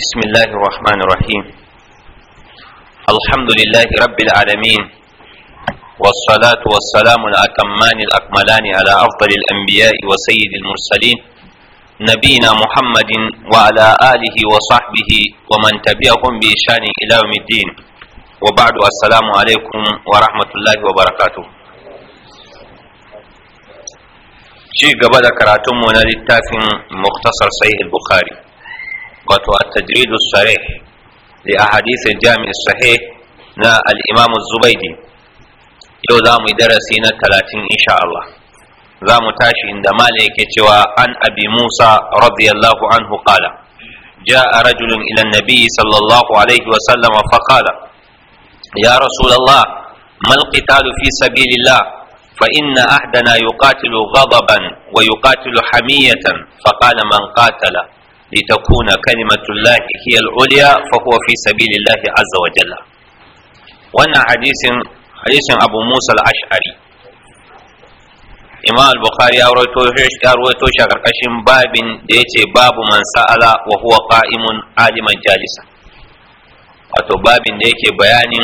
بسم الله الرحمن الرحيم الحمد لله رب العالمين والصلاة والسلام الأكمان الأكملان على أفضل الأنبياء وسيد المرسلين نبينا محمد وعلى آله وصحبه ومن تبعهم بإشان إلى يوم الدين وبعد السلام عليكم ورحمة الله وبركاته شيء قبل كراتم ونالتاف مختصر صحيح البخاري wato tajridu sare da a hadisai jami'i sahe na al’imam zubaidi yau za mu yi darasi na talatin insha Allah za mu tashi inda mala yake cewa an abi musa radiyallahu anhu qala ja a rajulun ilan nabi sallallahu alaihi wasallam fa qala ya rasulallah mal qitalu fi sabilillah fa inna ahdana yuqatilu ghadaban wa yuqatilu hamiyatan fa qala man katala. litakuna kalimatullahi hiya al-ulya fa huwa fi sabilillahi azza wa jalla wannan hadisin hadisin Abu Musa al-Ash'ari Imam al-Bukhari ya rawaito shi a karkashin babin da yace babu man sa'ala wa huwa qa'imun aliman jalisa wato babin da yake bayanin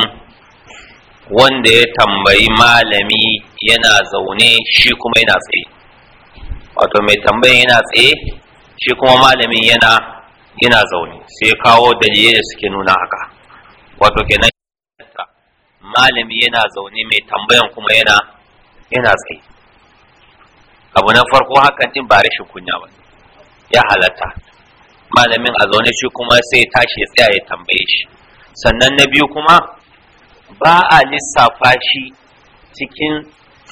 wanda ya tambayi malami yana zaune shi kuma yana tsaye wato mai tambayi yana tsaye shi kuma malamin yana yana zaune sai kawo dalilai da suke nuna haka wato kenan malami yana zaune mai tambayan kuma yana yana tsaye abu na farko hakan din ba rashin kunya ba ya halatta malamin a zaune shi kuma sai tashi ya tsaya ya tambaye shi sannan na biyu kuma ba a lissafa shi cikin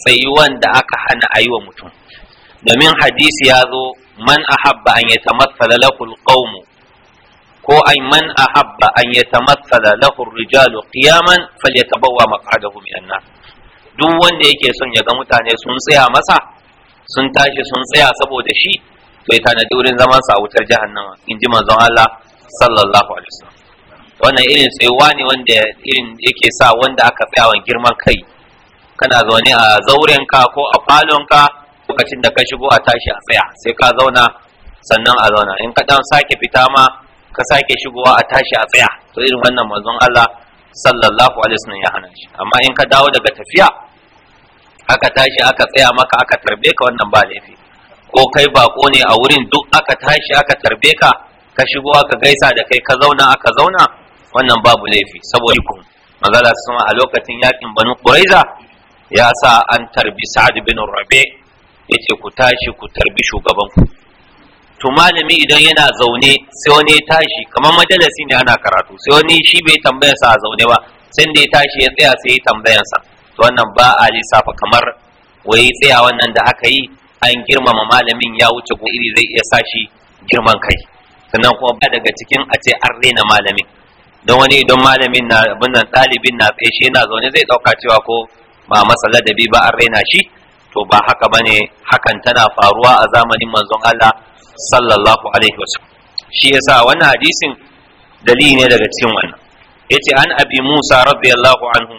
tsayuwan da aka hana a yi wa mutum domin hadisi ya zo man ahabba an yatamassala lahu alqawm ko ay man ahabba an yatamassala lahu ar-rijalu qiyaman falyatabawwa maq'adahu minan duk wanda yake son ya ga mutane sun tsaya masa sun tashi sun tsaya saboda shi to ya tanadi wurin zaman sa a wutar jahannama in ji manzon Allah sallallahu alaihi wasallam wannan irin tsayuwa ne wanda irin yake sa wanda aka tsaya wa girman kai kana zaune a zaurenka ko a falonka lokacin da ka shigo a tashi a tsaya sai ka zauna sannan a zauna in ka dan sake fita ma ka sake shigowa a tashi a tsaya to irin wannan manzon Allah sallallahu alaihi wasallam ya hana shi amma in ka dawo daga tafiya aka tashi aka tsaya maka aka tarbe ka wannan ba laifi ko kai bako ne a wurin duk aka tashi aka tarbe ka ka shigo aka gaisa da kai ka zauna aka zauna wannan babu laifi saboda kun magana sama a lokacin yakin banu quraiza ya sa an tarbi sa'ad bin rabi' ya ce ku tashi ku tarbi shugabanku? ku to malami idan yana zaune sai wani ya tashi kamar majalisi ne ana karatu sai wani shi bai tambayar sa a zaune ba sai da ya tashi ya tsaya sai ya tambayar sa to wannan ba a lissafa kamar wai tsaya wannan da aka yi an girmama malamin ya wuce ko iri zai iya sashi girman kai sannan kuma ba daga cikin a ce an rena malamin don wani idan malamin na abin nan ɗalibin na tsaye shi yana zaune zai ɗauka cewa ko ba masa ladabi ba an rena shi to ba haka ba ne hakan tana faruwa a zamanin manzon Allah sallallahu alaihi wasallam shi ya sa wannan hadisin dalili ne daga cikin wannan Ya ce an abi Musa radiyallahu anhu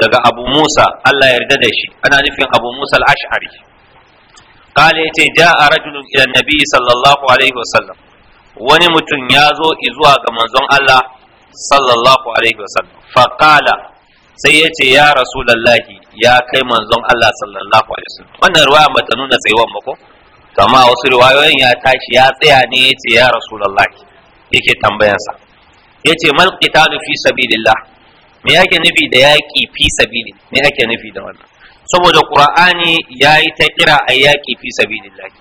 daga Abu Musa Allah yarda da shi ana nufin Abu Musa al-Ash'ari kale yace a rajulun ila nabi sallallahu alaihi wasallam wani mutum ya zo zuwa ga manzon Allah sallallahu alaihi wasallam faqala sai ya ce ya rasulallahi ya kai manzon Allah sallallahu alaihi wasallam wannan ruwa ya ta nuna tsayuwan ba ko wasu riwayoyin ya tashi ya tsaya ne ya ce ya rasulallahi yake tambayansa ya ce mal qitalu fi sabilillah me yake nufi da yaki fi sabili me yake nufi da wannan saboda qur'ani yayi ta kira a yaki fi sabilillah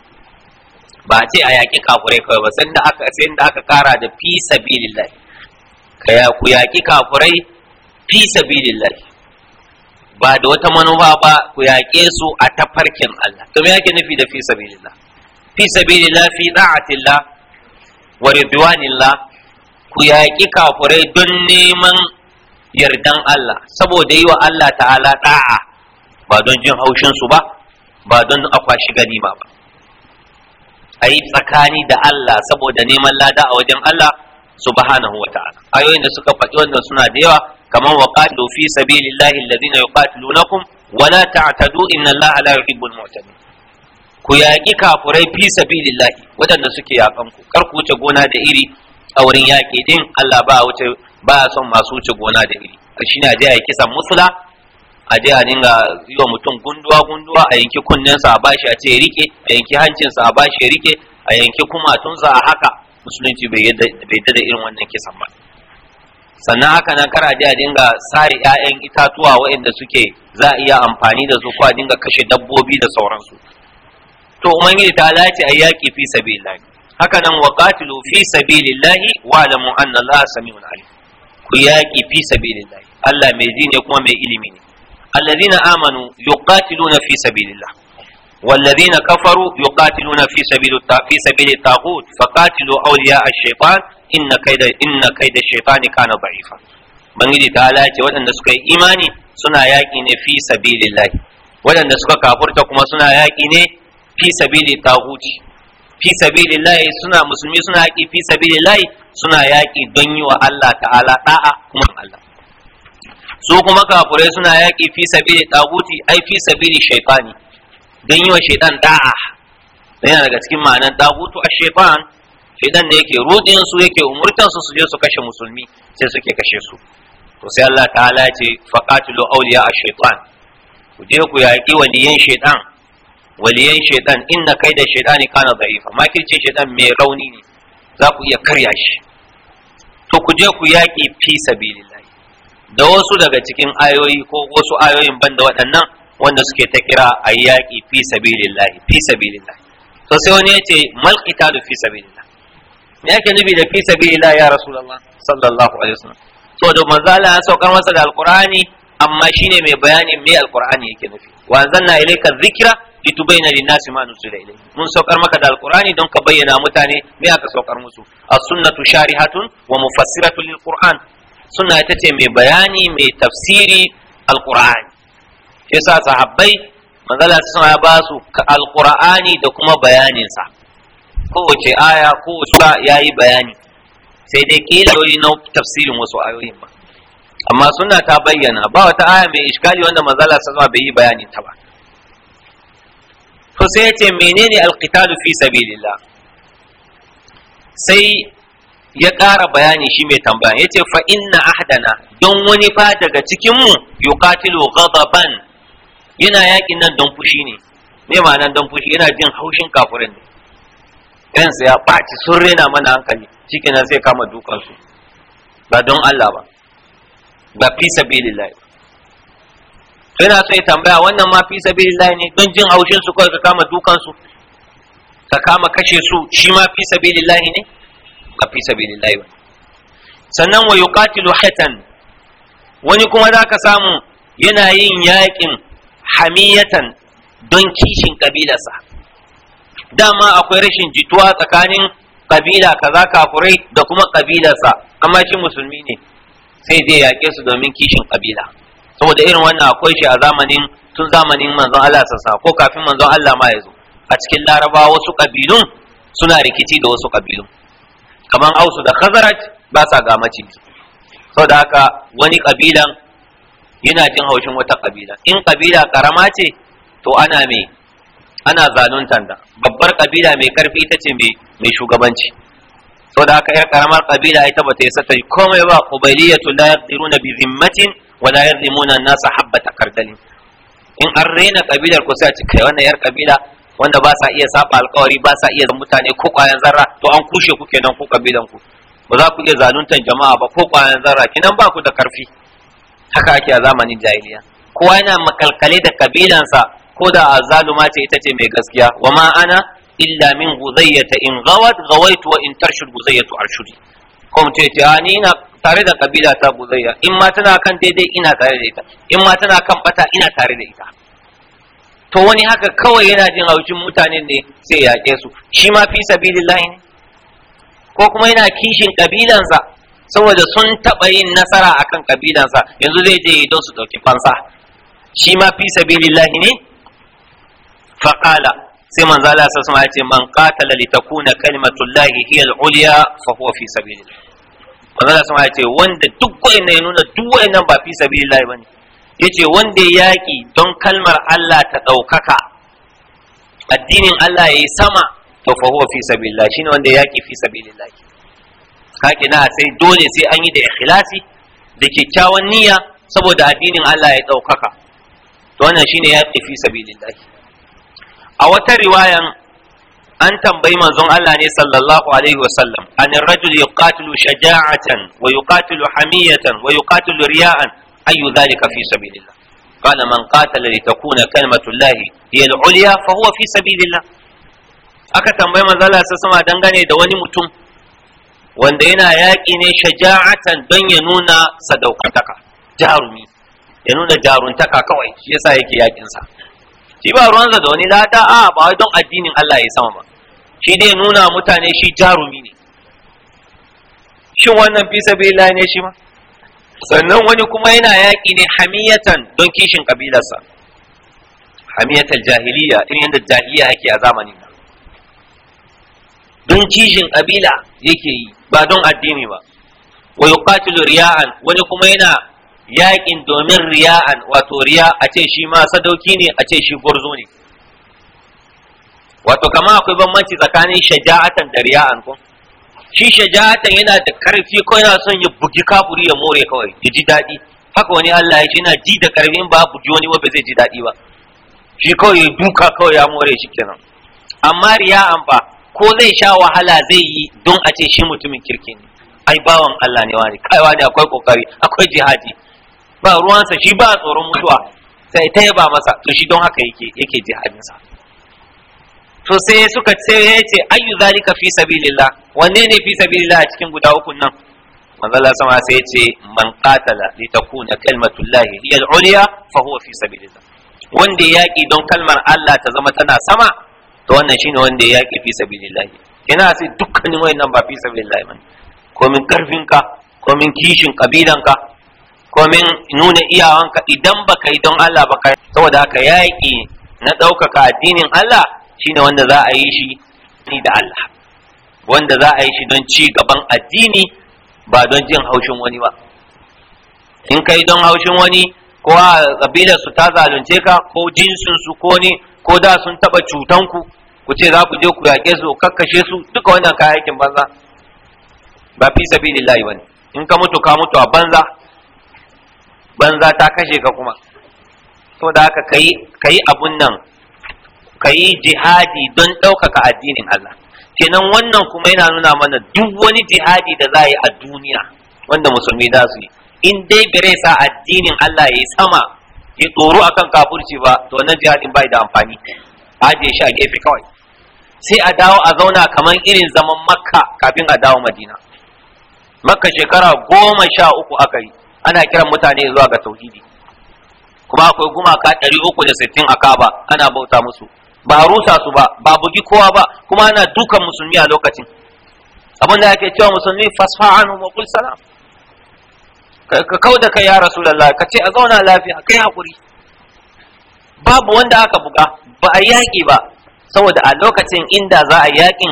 ba ce a yaki kafurai kawai ba sai da aka sai da aka kara da fi sabilillah ka ya ku yaki kafurai fi sabilillah ba da wata manufa ba ku yaƙe su a tafarkin Allah to me yake nufi da fi sabilillah fi sabilillah fi da'atillah wa ridwanillah ku yaƙi kafurai don neman yardan Allah saboda yi wa Allah ta'ala da'a ba don jin haushin su ba ba don akwashi gani ba ba a yi tsakani da Allah saboda neman lada a wajen Allah subhanahu wa ta'ala ayoyin da suka faɗi wannan suna da yawa kamar wa qatilu fi sabilillahi alladhina yuqatilunakum wa la ta'tadu inna allaha la yuhibbul ku yaƙi kafurai fi sabilillahi waɗanda suke yaƙan ku kar ku wuce gona da iri a wurin yaƙi din Allah ba wuce ba son masu wuce gona da iri shi ne a je a yi kisan musula a je a dinga yi mutum gunduwa gunduwa a yanki kunnensa a bashi a ce ya rike a yanki sa a bashi ya rike a yanki kumatunsa a haka musulunci bai yadda da irin wannan kisan ba sannan haka nan kar a je a dinga sare 'ya'yan itatuwa waɗanda suke za a iya amfani da su ko a dinga kashe dabbobi da sauransu to ubangiji ta lace a yaƙi fi sabilillahi haka nan wa qatilu fi sabilillahi wa lamu anna allaha samiun alim ku yaƙi fi sabilillahi Allah mai ji ne kuma mai ilimi ne alladhina amanu yuqatiluna fi sabilillah والذين كفروا يقاتلون في سبيل في سبيل الطاغوت فقاتلوا اولياء الشيطان inna da inna kaida shaytani kana ba'ifa bangiji ta ce waɗanda suka yi imani suna yaƙi ne fi sabilillah waɗanda suka kafurta kuma suna yaƙi ne fi sabili tahuti fi sabilillah suna musulmi suna yaƙi fi sabilillah suna yaƙi don yi wa Allah ta'ala da'a kuma Allah su kuma kafurai suna yaƙi fi sabili tahuti ai fi sabili shaytani don yi wa shaytan da'a yana daga cikin ma'anar tahutu ash-shaytan fidan da yake rujin su yake umurtan su su je su kashe musulmi sai suke kashe su to sai Allah ta'ala ya ce faqatilu awliya ash-shaytan ku je ku yaki waliyan shaytan waliyan shaytan inna kaida shaytani kana da'ifa kirce shaytan mai rauni ne za ku iya karya shi to ku je ku yaƙi fi sabilillah da wasu daga cikin ayoyi ko wasu ayoyin banda waɗannan wanda suke ta kira ayyaki yaƙi fi sabilillah fi sabilillah to sai wani ya ce mal qitalu fi sabilillah me yake nufi da fi sabilillah ya rasulullah sallallahu alaihi wasallam so da manzo Allah ya saukar masa da alqur'ani amma shine mai bayani me alqur'ani yake nufi wa anzalna ilayka dhikra litubayyana lin-nasi ma nuzila ilayhi mun saukar maka da alqur'ani don ka bayyana mutane me aka saukar musu as-sunnatu sharihatun wa mufassiratun lil-qur'an sunna ita ce mai bayani mai tafsiri alqur'ani yasa sahabbai manzo Allah ya ba su alqur'ani da kuma bayanin sa kowace aya kowace ya yi bayani sai dai kila yi na tafsirin wasu ayoyin ba amma suna ta bayyana ba wata aya mai iskali wanda manzala sa bai yi bayani ta ba to sai ya ce menene alqitalu fi sabilillah sai ya ƙara bayani shi mai tambaya ya ce fa inna ahdana don wani fa daga cikinmu yuqatilu ghadaban yana yaƙin nan don fushi ne me ma'anar don fushi yana jin haushin kafirin ne ransa ya ɓaci sun rena mana hankali cikin nan zai kama dukansu ba don Allah ba ba fi sabilillahi to yana so ya tambaya wannan ma fi sabilillahi ne don jin haushin su kawai ka kama dukansu ka kama kashe su shi ma fi sabilillahi ne ba fi sabilillahi ba sannan wa yuqatilu hatan wani kuma zaka samu yana yin yaƙin hamiyatan don kishin kabilarsa dama akwai rashin jituwa tsakanin kabila kaza kafurai da kuma kabilarsa amma shi musulmi ne sai zai yaƙe su domin kishin kabila saboda irin wannan akwai shi a zamanin tun zamanin manzon Allah sassa ko kafin manzon Allah ma ya zo a cikin larabawa wasu kabilun suna rikici da wasu kabilun kamar ausu da khazaraj ba sa ga maciji saboda haka wani kabilan yana jin haushin wata kabila in kabila karama ce to ana mai ana da babbar kabila mai karfi ita ce mai shugabanci sau da aka yar karamar kabila ita ba ta yi sata komai ba ubaliyatu la yaqdiruna bi zimmatin wa la yazimuna an-nasa habbata kardalin in an raina kabilar ku sai a wannan yar kabila wanda ba sa iya saba alkawari ba sa iya mutane ko kwayan zarra to an kushe ku kenan ku kabilan ku ba za ku iya zaluntan jama'a ba ko kwayan zarra kinan ba ku da karfi haka ake a zamanin jahiliya kowa yana makalkale da kabilansa ko da azzaluma ce ita ce mai gaskiya wa ma ana illa min guzayyata in gawat gawaitu wa in tarshud guzayyatu arshudi ko mutum ya ce a ni ina tare da kabila ta guzayya in ma tana kan daidai ina tare da ita in ma tana kan bata ina tare da ita to wani haka kawai yana jin haushin mutanen ne sai ya yake su shi ma fi sabilillahi ne ko kuma yana kishin kabilansa saboda sun taɓa yin nasara akan kabilansa yanzu zai je don su dauki fansa shi ma fi sabilillahi ne faqala sai manzo Allah sa sama yace man qatala li takuna kalimatullahi hiya al-ulya fa huwa fi sabilillah manzo Allah sama yace wanda duk wayannan ya nuna duk ba fi sabilillah bane yace wanda ya yaki don kalmar Allah ta daukaka addinin Allah yayi sama to fa kake na sai dole sai an yi da ikhlasi da kyakkyawan niyya saboda addinin Allah ya ɗaukaka, to wannan shine fi a wata riwayan an tambayi manzon Allah ne sallallahu alaihi wa sallam an rajul yuqatilu shaja'atan wa yuqatilu hamiyatan wa yuqatilu riya'an ayu dhalika fi sabilillah qala man qatala li takuna kalmatu llahi hiya al-ulya fa huwa fi sabilillah aka tambayi manzon Allah sallallahu dangane da wani mutum wanda yana yaƙi ne shaja'atan don ya nuna sadaukataka jarumi ya nuna jaruntaka kawai shi yasa yake yakin sa shi ba ruwansa da wani lada a ba wai don addinin Allah ya sama ba shi dai nuna mutane shi jarumi ne shin wannan fi sabila ne shi ma sannan wani kuma yana yaƙi ne hamiyatan don kishin kabilarsa Hamiyatar jahiliya irin yadda jahiliya yake a zamanin nan don kishin kabila yake yi ba don addini ba wa yuqatilu riya'an wani kuma yana yaƙin domin riya'an wato riya a ce shi ma sadauki ne a ce shi gwarzo ne wato kama akwai bambanci tsakanin shaja'atan da riya'an ko shi shaja'atan yana da karfi ko yana son ya bugi kafuri ya more kawai ya ji daɗi haka wani Allah ya ce yana ji da karfin ba bugi wani ba zai ji daɗi ba shi kawai ya duka kawai ya more shi kenan amma riya'an ba, ko zai sha wahala zai yi don a ce shi mutumin kirki ne ai bawan Allah ne wani kaiwa ne akwai kokari akwai jihadi ba ruwansa shi ba tsoron mutuwa sai ta yaba masa to shi don haka yake yake sa to sai suka ce ya ce ayu zalika fi sabilillah wanne ne fi sabilillah a cikin guda uku nan manzo Allah sama sai ya ce man qatala li takuna kalmatullahi hiya al-ulya fa huwa fi sabilillah wanda ya yaki don kalmar Allah ta zama tana sama to wannan shine wanda ya yaki fi sabilillah ina sai dukkanin wayannan ba fi sabilillah bane komin karfinka min kishin kabilanka Komin nuna iyawanka idan baka yi don Allah baka saboda haka yaƙi na ɗaukaka addinin Allah shine wanda za a yi shi ni da Allah wanda za a yi shi don ci gaban addini ba don jin haushin wani ba in kai don haushin wani ko a kabilar su ta zalunce ka ko jinsin su ko ne ko da sun taɓa cutan ku ku ce za ku je ku yaƙe su kakkashe su duka wannan kayayyakin banza ba fi sabilillahi bane in ka mutu ka mutu a banza banza ta kashe ka kuma da haka ka yi abun nan kayi jihadi don ɗaukaka addinin Allah kenan wannan kuma yana nuna mana duk wani jihadi da za a yi a duniya wanda musulmi za su yi in dai bare sa addinin Allah ya yi sama ya tsoro akan kafurci ba to wannan jihadin bai da amfani aje shi a gefe kawai sai a dawo a zauna kamar irin zaman makka kafin a dawo madina makka shekara goma sha uku aka yi ana kiran mutane zuwa ga tauhidi kuma akwai gumaka ɗari uku da sittin a kaba ana bauta musu ba rusa su ba ba bugi kowa ba kuma ana dukan musulmi a lokacin abin da ake cewa musulmi fasfa anhu wa qul salam ka kauda kai ya rasulullah ka ce a zauna lafiya kai hakuri babu wanda aka buga ba a yaƙi ba saboda a lokacin inda za a yaƙin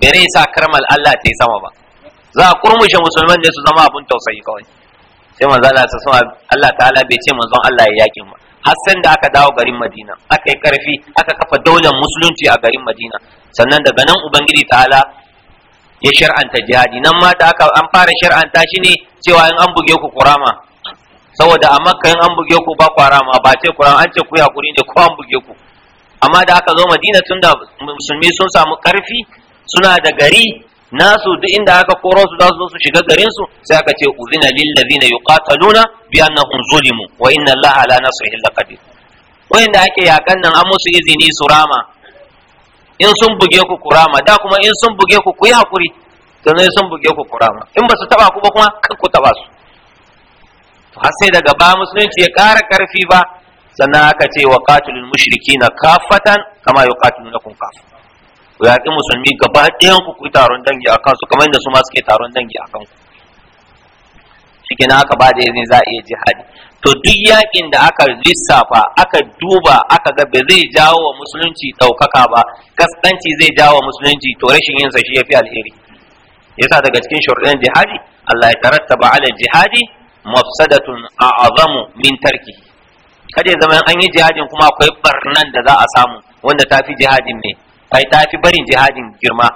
bere sa karmal Allah ta yi sama ba za a kurmushe musulman ne su zama abun tausayi kawai sai manzo Allah sa sama Allah ta'ala bai ce manzon Allah ya yakin ba har sai da aka dawo garin Madina aka yi karfi aka kafa daular musulunci a garin Madina sannan daga nan ubangiji ta'ala ya shar'anta jihadi nan ma da aka an fara shar'anta shi ne cewa in an buge ku kurama saboda a makka in an buge ku ba kurama ba ce kurama an ce ku ya kuri ne ko an buge ku amma da aka zo Madina tun da musulmi sun samu karfi suna da gari nasu duk inda aka koro su za su zo su shiga garin su sai aka ce uzina lil ladina yuqataluna bi annahum zulimu wa inna allaha la nasrihi laqadir wanda ake yakan nan an musu izini su rama in sun buge ku kurama da kuma in sun buge ku ku yi hakuri sannan sun buge ku kurama in ba su taba ku ba kuma kan ku taba su har sai daga ba musulunci ya ƙara ƙarfi ba sannan aka ce wa qatilul mushrikina kafatan kama yuqatilunakum kafatan yaƙi musulmi gaba ɗayan ku ku taron dangi a kansu kamar yadda su ma suke taron dangi a kanku shike na aka ba da izini za a iya jihadi to duk yaƙin da aka lissafa aka duba aka ga ba zai jawo wa musulunci ɗaukaka ba kaskanci zai jawo wa musulunci to rashin yin sa shi ya fi alheri yasa daga cikin shurɗin jihadi Allah ya tarattaba ala jihadi mafsadatun a'azamu min tarki kada ya zama an yi jihadin kuma akwai barnan da za a samu wanda ta fi jihadin ne Kai ta fi barin jihadin girma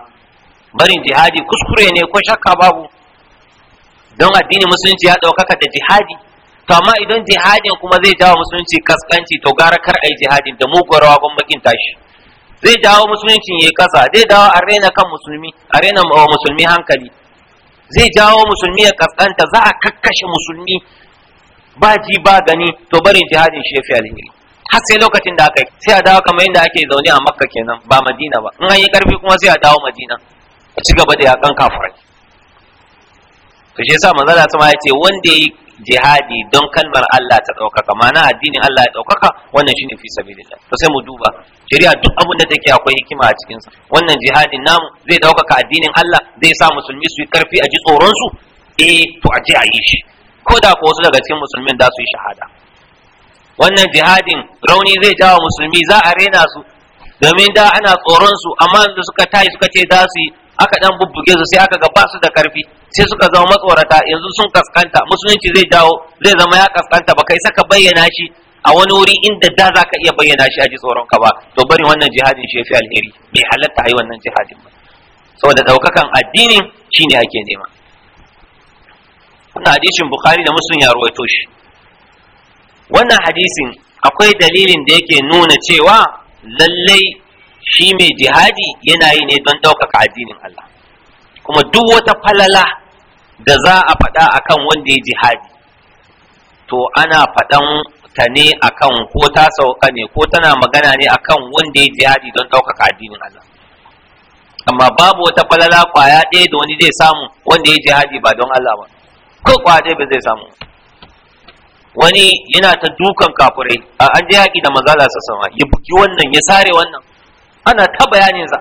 barin jihadi kuskure ne ko shakka babu don addini musulunci ya ɗaukaka da jihadi to amma idan jihadin kuma zai jawo musulunci kaskanci to gara kar ai jihadin da mu gwarawa gwamnatin tashi zai jawo musulunci yayi kasa zai jawo a raina kan musulmi a raina musulmi hankali zai jawo musulmi ya kaskanta za a kakkashe musulmi ba ji ba gani to barin jihadin shi ya fi alheri har sai lokacin da aka yi sai a dawo kamar yadda ake zaune a makka kenan ba madina ba in an yi karfi kuma sai a dawo madina a ci gaba da yakan kafirai to shi yasa manzala sama ya ce wanda yi jihadi don kalmar Allah ta ɗaukaka ma'ana addinin Allah ya ɗaukaka wannan shine fi sabilillah to sai mu duba shari'a duk abin da take akwai hikima a cikin sa wannan jihadin namu zai ɗaukaka addinin Allah zai sa musulmi su yi karfi a ji tsoron su eh to a je a yi shi ko da ko wasu daga cikin musulmin da su yi shahada wannan jihadin rauni zai jawo musulmi za a rena su domin da ana tsoron su amma da suka tayi suka ce za su aka dan bubbuge su sai aka ga ba su da karfi sai suka zama matsorata yanzu sun kaskanta musulunci zai jawo zai zama ya kaskanta baka kai ka bayyana shi a wani wuri inda da za ka iya bayyana shi a ji tsoron ka ba to bari wannan jihadin shi fi alheri bai halatta a yi wannan jihadin ba saboda daukakan addinin shine ake nema hadisin bukhari da muslim ya ruwaito shi wannan hadisin akwai dalilin da yake nuna cewa lallai shi mai jihadi yana yi ne don ɗaukaka addinin Allah kuma duk wata falala da za a faɗa akan wanda ya jihadi to ana faɗan ta ne akan ko ta sauka ne ko tana magana ne akan wanda ya jihadi don ɗaukaka addinin Allah amma babu wata falala kwaya ɗaya da wani zai samu wanda ya jihadi ba don Allah ba ko kwaya ɗaya ba zai samu wani yana ta dukan kafurai an je yaƙi da za su sama ya buki wannan ya sare wannan ana ta bayanin sa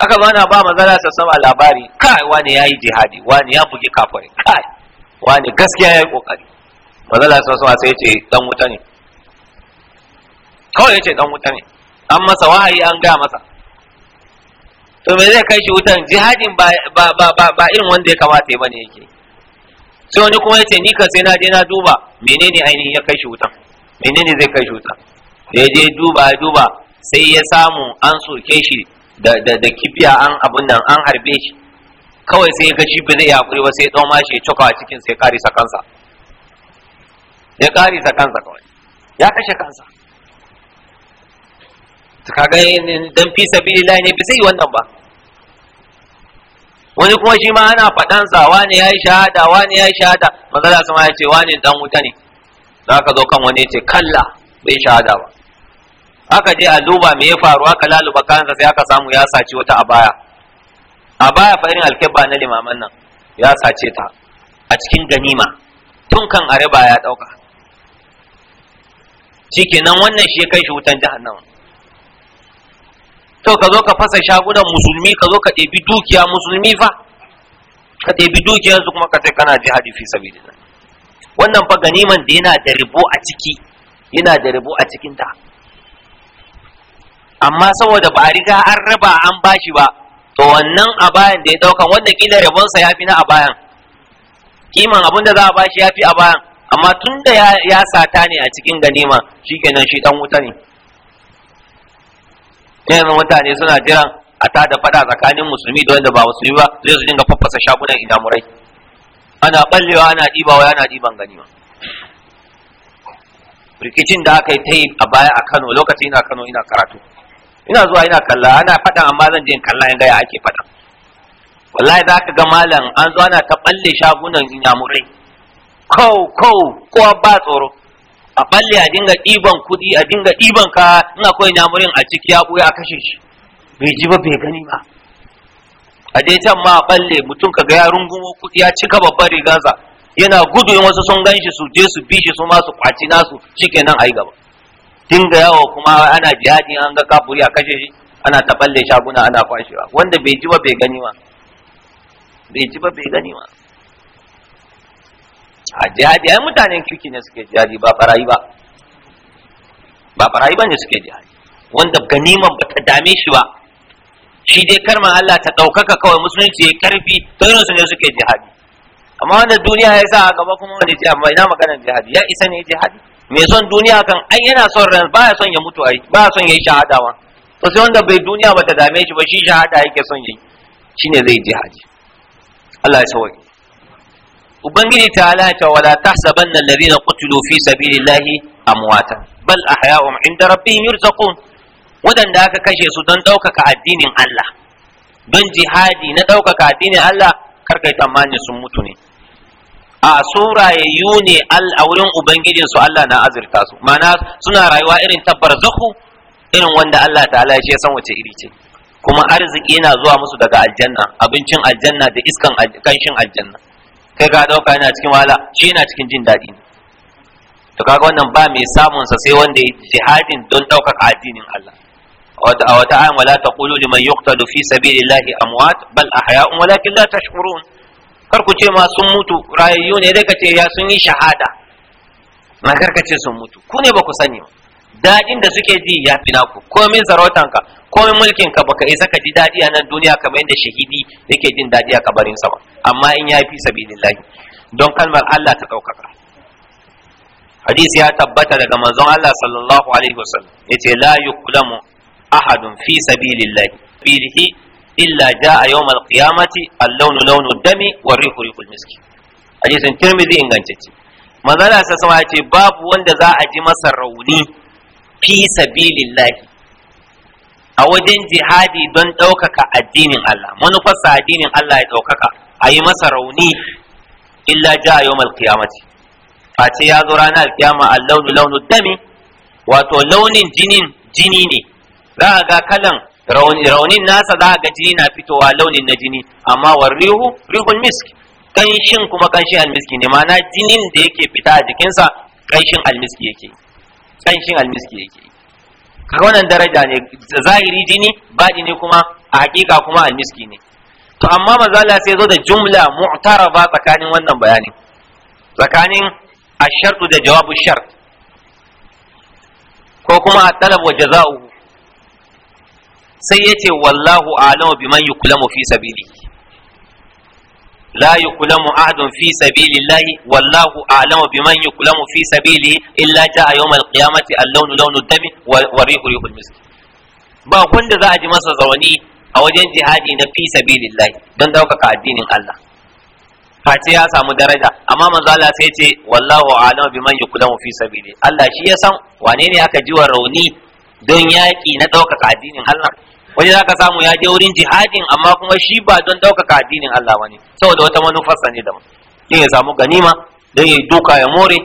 aka bana ba za su sama labari kai wani ya yi jihadi wani ya bugi kafurai kai wani gaskiya yi kokari za su sama sai ya ce dan wuta ne kawai ya ce dan wuta ne an masa wahayi an ga masa to me zai kai shi wutan jihadin ba irin wanda ya kamata ya bane yake sai wani kuma yace ni kan sai na je na duba menene ainihin ya kai shi wutan menene zai kai shi wutan da ya je duba duba sai ya samu an soke shi da da kibiya an abun nan an harbe shi kawai sai ga shi ba zai hakuri ba sai ɗauma shi ya a cikin sai sa kansa ya sa kansa kawai ya kashe kansa kaga eh, eh, dan fi sabilillah ne bai sai yi wannan ba wani kuma shi ma ana faɗansa wani ya yi shahada wani ya yi shahada manzala sama ya ce wani dan wuta ne za ka zo kan wani ya ce kalla bai shahada ba aka je a duba me ya faru aka laluba kansa sai aka samu ya saci wata a baya a baya fa irin alkebba na limaman nan ya sace ta a cikin ganima tun kan areba ya ɗauka shikenan wannan shi ya kai shi wutan jahannama kawai ka zo ka fasa shagunan musulmi ka zo ka ɗebi dukiya musulmi fa ka ɗebi dukiyarsu kuma ka ce kana jihadi fi sabilillah wannan fa ganiman da yana da ribo a ciki yana da ribo a cikin ta amma saboda ba a riga an raba an bashi ba to wannan a bayan da ya daukan wanda kila rabonsa ya fi na a bayan kiman abin da za a bashi ya fi a bayan amma tun da ya sata ne a cikin ganima shikenan shi dan wuta ne yanzu mutane suna jiran a ta da fada tsakanin musulmi da wanda ba musulmi ba zai su dinga faffasa shagunan idamurai ana ballewa ana dibawa ana ɗiban ganima rikicin da aka yi ta yi a baya a Kano lokacin ina Kano ina karatu ina zuwa ina kalla ana faɗan amma zan je in kalla in ga ya ake faɗan wallahi za ka ga malam an zo ana ta ɓalle shagunan inyamurai kau kau kowa ba tsoro a balle a dinga ɗiban kuɗi a dinga ɗiban ka in akwai nyamurin a ciki ya ɓuya a kashe shi bai ji ba bai gani ba a je can ma a balle mutum kaga ya rungumo kuɗi ya cika babbar rigansa yana gudu in wasu sun ganshi su je su bi shi su ma su kwaci nasu a yi gaba dinga yawo kuma ana jihadi an ga kafuri a kashe shi ana ta balle shaguna ana kwashewa wanda bai ji ba bai gani ba bai ji ba bai gani ba a jihadi ai mutanen kirki ne suke jihadi ba barayi ba ba barayi ba ne suke jihadi wanda ganiman ba ta dame shi ba shi dai karman Allah ta ɗaukaka kawai musulunci ya karfi to irin su ne suke jihadi amma wanda duniya ya sa a gaba kuma wani jihadi ina maganar jihadi ya isa ne jihadi mai son duniya kan ai yana son ran baya son ya mutu ai baya son ya yi shahada wa to sai wanda bai duniya ba ta dame shi ba shi shahada yake son yi shine zai jihadi Allah ya sauke ubangiji ta halata wala lari na kutulo fi a muwata. bal ahya'um inda rabbihim yurzaqun wadanda aka kashe su don ɗaukaka addinin Allah don jihadi na ɗaukaka addinin Allah kar tsammanin sun mutu ne a sun rayayyu ne a wurin ubangijin su Allah na azurta su Mana suna rayuwa irin tabbar zaku irin wanda Allah ta ta'ala ya san wace iri ce kuma arziki yana zuwa musu daga aljanna abincin aljanna da iskan kanshin aljanna kai ka dauka yana cikin wahala shi yana cikin jin daɗi to kaga wannan ba mai samun sa sai wanda ya jihadin don daukar addinin Allah a wata ayan wala taqulu liman yuqtalu fi sabilillahi amwat bal ahya'un walakin la tashkurun kar ku ce ma sun mutu rayayyu ne dai kace ya sun yi shahada na kace sun mutu ku ne ba ku sani ba dadin da suke ji ya fi naku komin sarautanka komai mulkin ka baka isa ka ji daɗi a nan duniya kamar yadda shahidi yake jin daɗi a kabarin sama amma in ya fi sabilillahi don kalmar Allah ta ɗaukaka hadisi ya tabbata daga manzon Allah sallallahu alaihi wasallam yace la yuklamu ahadun fi sabilillahi bihi illa jaa yawm alqiyamati al-lawnu lawnu dami wa rihu rihu miski hadisin tirmidhi ingantacce manzon Allah sallallahu alaihi wasallam yace babu wanda za a ji masa rauni fi sabilillahi a wajen jihadi don ɗaukaka addinin Allah manufarsa addinin Allah ya ɗaukaka a yi masa rauni illa ja a yawmal a face ya zo ranar alkiyama a launu dami wato launin jinin jini ne za a ga kalan raunin nasa za a ga jini na fitowa launin na jini amma wa rihu rihul misk kanshin kuma kanshin almiski ne ma'ana jinin da yake fita a jikinsa kanshin almiski yake kanshin almiski yake kaga wannan daraja ne zahiri jini baɗi ne kuma a hakika kuma al-miski ne to amma mazala sai zo da jumla mu'taraba tsakanin wannan bayanin tsakanin ashartu da jawabu shart ko kuma talab wa jaza'uhu sai yace wallahu a'lamu biman yuklamu fi sabili la yuklamu ahadun fi sabilillahi wallahu a'lamu biman yuklamu fi sabili illa ja'a yawmal qiyamati al-lawnu lawnu dami wa rihu rihul ba wanda za a ji masa zawani a wajen jihadi na fi sabilillahi don daukaka addinin Allah face ya samu daraja amma manzo Allah sai ce wallahu a'lamu biman yuklamu fi sabili Allah shi ya san wane ne aka ji wa rauni don yaƙi na ɗaukaka addinin Allah wani za zaka samu ya je wurin jihadin amma kuma shi ba don ɗaukaka addinin Allah bane saboda wata manufarsa ne mu din ya samu ganima don ya duka ya more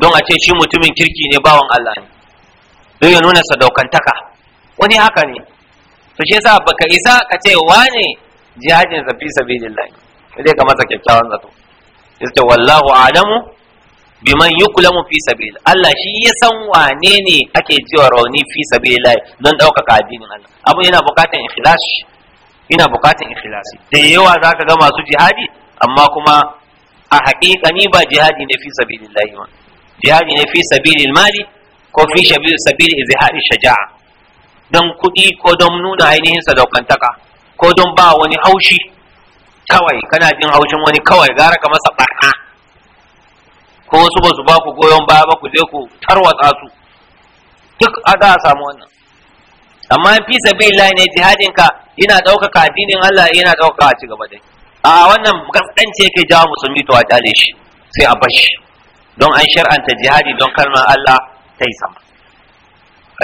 don a ce shi mutumin kirki ne bawan Allah ne don ya nuna sadaukantaka wani haka ne to shi yasa baka isa ka ce wane jihadin sa sabilillah sai ka masa kyakkyawan zato yace wallahu a'lamu biman yuklamu fi sabili. Allah shi ya san wane ne ake jiwa rauni fi sabilillah don ɗaukaka addinin Allah abu yana buƙatar ikhlas Yana buƙatar ikhlasi da yawa zaka ga masu jihadi amma kuma a ni ba jihadi ne fi sabilillah ba jihadi ne fi sabilil mali ko fi sabil izhari shaja'a don kuɗi ko don nuna ainihin sadaukantaka ko don ba wani haushi kawai kana jin haushin wani kawai gara ka masa ɓarna. ko wasu ba su ba ku goyon baya ba ku je ku tarwatsa su duk a za a samu wannan amma fi sabilillah ne jihadin ka yana ɗaukaka addinin Allah ina ɗaukaka a ci gaba dai a wannan gaskance yake jawo musulmi to a kyale shi sai a bashi don an shar'anta jihadi don kalmar Allah ta yi sama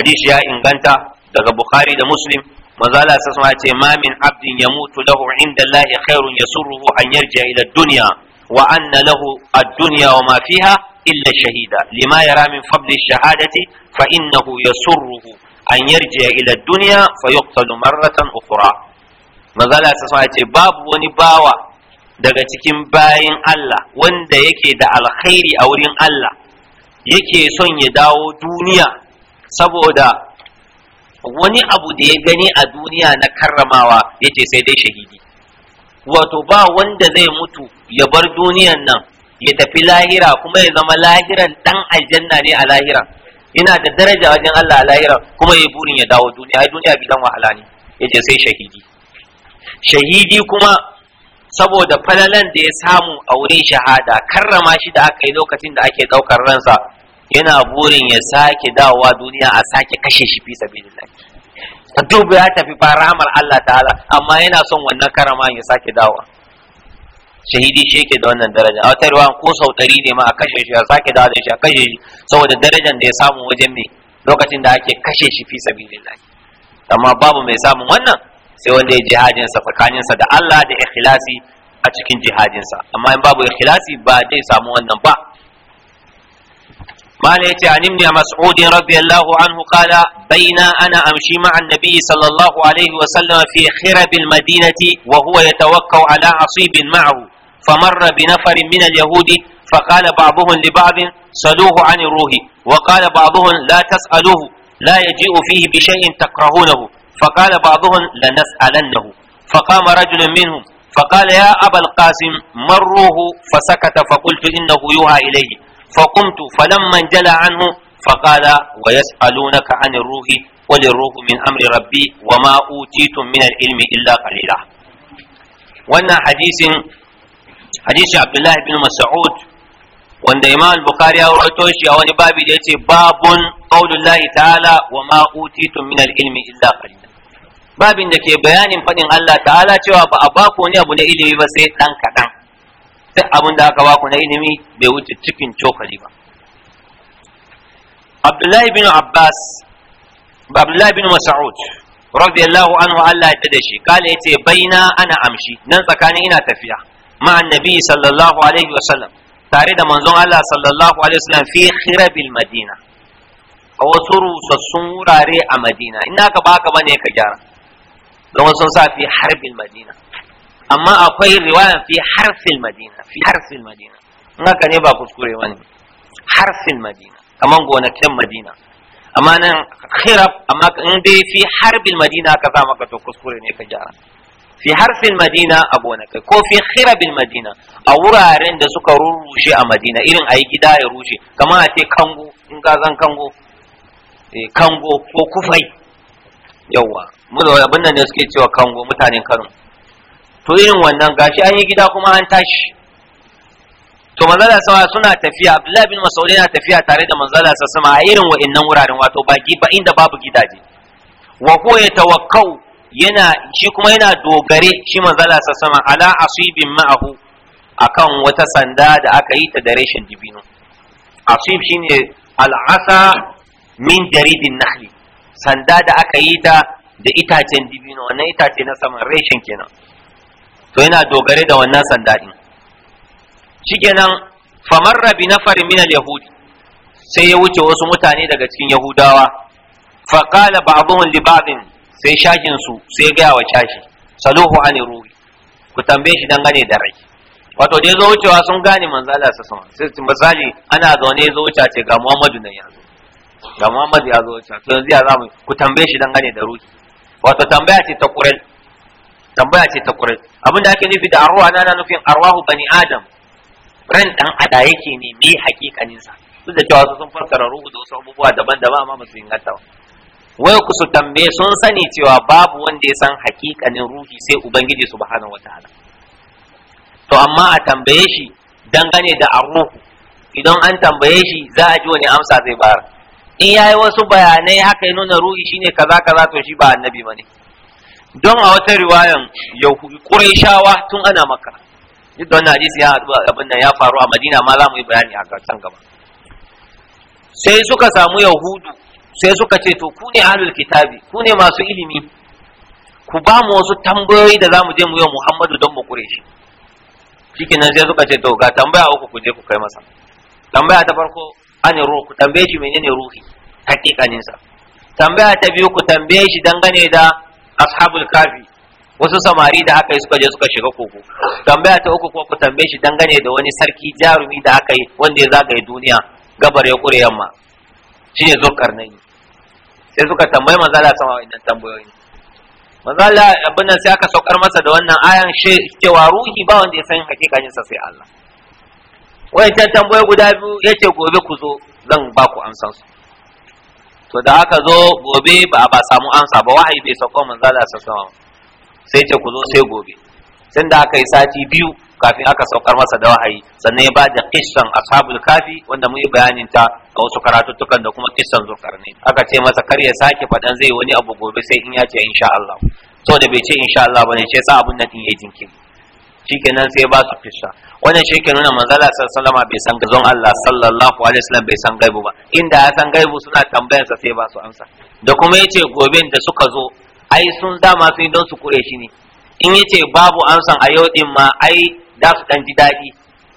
hadisi ya inganta daga bukhari da muslim manzo Allah sai ce ma min abdin yamutu lahu inda Allah khairun yasurruhu an yarja ila dunya wa anna lahu ad-dunya wa ma fiha illa shahida lima yara min fadli shahadati fa innahu yasurruhu an yarji'a ila duniya, dunya fa yuqtalu marratan ukhra mazala ce babu wani bawa daga cikin bayan Allah wanda yake da alkhairi a wurin Allah yake son ya dawo duniya saboda wani abu da ya gani a duniya na karramawa yace sai dai shahidi wato ba wanda zai mutu ya bar duniyan nan ya tafi lahira kuma ya zama lahiran dan aljanna ne a lahira ina da daraja wajen Allah a lahira kuma ya burin ya dawo duniya ai duniya gidan wahala ne yace sai shahidi shahidi kuma saboda falalan da ya samu a wurin shahada karrama shi da aka yi lokacin da ake daukar ransa yana burin ya sake dawowa duniya a sake kashe shi fi sabilillah dubu ya tafi faramar Allah ta'ala amma yana son wannan karama ya sake dawowa shahidi shi yake da wannan daraja a wata ruwan ko sau ɗari ne ma a kashe shi a sake da shi a kashe shi saboda daraja da ya samu wajen mai lokacin da ake kashe shi fi sabilillah amma babu mai samun wannan sai wanda ya jihadinsa sa sa da Allah da ikhlasi a cikin jihadinsa amma in babu ikhlasi ba zai samu wannan ba ما ليت عن ابن مسعود رضي الله عنه قال بين أنا أمشي مع النبي صلى الله عليه وسلم في خرب المدينة وهو يتوكأ على عصيب معه فمر بنفر من اليهود فقال بعضهم لبعض سلوه عن الروح وقال بعضهم لا تسألوه لا يجيء فيه بشيء تكرهونه فقال بعضهم لنسألنه فقام رجل منهم فقال يا أبا القاسم مروه فسكت فقلت إنه يوحى إليه فقمت فلما انجلى عنه فقال ويسألونك عن الروح قل الروح من أمر ربي وما أوتيتم من العلم إلا قليلا wannan hadisin hadisi abdullahi bin mas'ud wanda imam al-bukhari ya rawaito shi a wani babi da yace babun qaulullahi ta'ala wa ma utitum min al-ilmi illa qalila babin da ke bayanin fadin Allah ta'ala cewa ba a baku ne abu na ilimi ba sai dan kadan sai abin da aka baku na ilimi bai wuce cikin cokali ba Abdullahi bin Abbas Abdullahi bin Mas'ud radiyallahu anhu Allah ya tada shi kala yace baina ana amshi nan tsakanin ina tafiya ma sallallahu alaihi wasallam tare da manzon Allah sallallahu alaihi wasallam fi khirabil madina a wasu rusassun wurare a madina in aka baka bane ka gyara don sun sa fi harbil madina amma akwai riwaya fi harfil madina fi harfil madina in haka ne ba kuskure wani harfil madina kaman gonakin madina amma nan khirab amma in dai fi harbil madina ka sa maka to kuskure ne ka gyara fi harfin madina a gonakai ko fi khirabin madina a wuraren da suka rurrushe a madina irin a yi gida ya rushe kamar a ce kango in ka zan kango kango ko kufai yawa abin nan ne suke cewa kango mutanen kano to irin wannan gashi an yi gida kuma an tashi to manzala sama suna tafiya abdullahi bin masaud yana tafiya tare da manzala sama a irin wa'annan wuraren wato baki ba inda babu gidaje wa huwa yatawakkau yana shi kuma yana dogare shi manzala sa sama ala asibin ma'ahu akan wata sanda da aka yi ta da reshen dibino asib shine al'asa min jaridin nahli sanda da aka yi ta da itacen dibino wannan itace na saman reshen kenan to yana dogare da wannan sanda din shikenan famarra bi nafarin min al-yahudi sai ya wuce wasu mutane daga cikin yahudawa faqala ba'dhum li ba'dhin sai shagin su sai gaya wa cashi. saluhu ani ruhi ku tambaye shi dangane da rai wato dai zo wucewa sun gane manzo Allah sa sama sai misali ana zaune zo wuce ce ga Muhammadu nan ya zo ga Muhammadu ya zo wuce to yanzu ya zamu ku tambaye shi dangane da ruhi wato tambaya ce ta kurai tambaya ce ta kurai abin da ake nufi da arwa na nufin arwahu bani adam ran dan ada yake ne me hakikanin sa duk da cewa sun fassara ruhu da wasu abubuwa daban-daban amma ba su inganta ba wai ku su tambaye sun sani cewa babu wanda ya san hakikanin ruhi sai ubangiji subhanahu wataala to amma a tambaye shi dangane da arruhu idan an tambaye shi za a ji wani amsa zai bara. in yayi wasu bayanai haka ya nuna ruhi shine kaza kaza to shi ba annabi bane don a wata riwayan yahudi qurayshawa tun ana maka duk da wannan hadisi ya abin nan ya faru a madina ma za mu yi bayani a gaba sai suka samu yahudu sai suka ce to ku ne ahlul kitabi ku ne masu ilimi ku ba mu wasu tambayoyi da za mu je mu yi Muhammadu don mu kure shi shikenan sai suka ce to ga tambaya uku ku je ku kai masa tambaya ta farko an ruhu ku tambaye shi menene ruhi hakikanin sa tambaya ta biyu ku tambaye shi dangane da ashabul kafi wasu samari da aka yi suka je suka shiga koko tambaya ta uku kuwa ku tambaye shi dangane da wani sarki jarumi da aka yi wanda ya zagaye duniya gabar ya kure yamma shine zulkarnaini sai suka tambayi maza Allah sama wa'annan tambayoyi maza Allah abin nan sai aka saukar masa da wannan ayan cewa ruhi ba wanda ya san hakika sa sai Allah ta tambaye guda biyu yace gobe ku zo zan ba ku amsan su to da aka zo gobe ba ba samu amsa ba wahayi bai sauko manzo Allah sama sai ce ku zo sai gobe tun da aka yi sati biyu kafin aka saukar masa da wahayi sannan ya bada kissan ashabul kafi wanda mun yi bayanin ta a wasu karatuttukan da kuma kissan zulkarni aka ce masa kar ya sake faɗan zai wani abu gobe sai in ya ce insha Allah to da bai ce insha Allah bane sai sa abun nan din ya jinkiri shikenan sai ba su kissa wannan shi ke nuna manzala sallallahu alaihi bai san gazon Allah sallallahu alaihi wasallam bai san gaibu ba inda ya san gaibu suna sa sai ba su amsa da kuma yace gobe da suka zo ai sun dama sun don su kure shi ne in yace babu amsan a yau din ma ai za su ɗan ji daɗi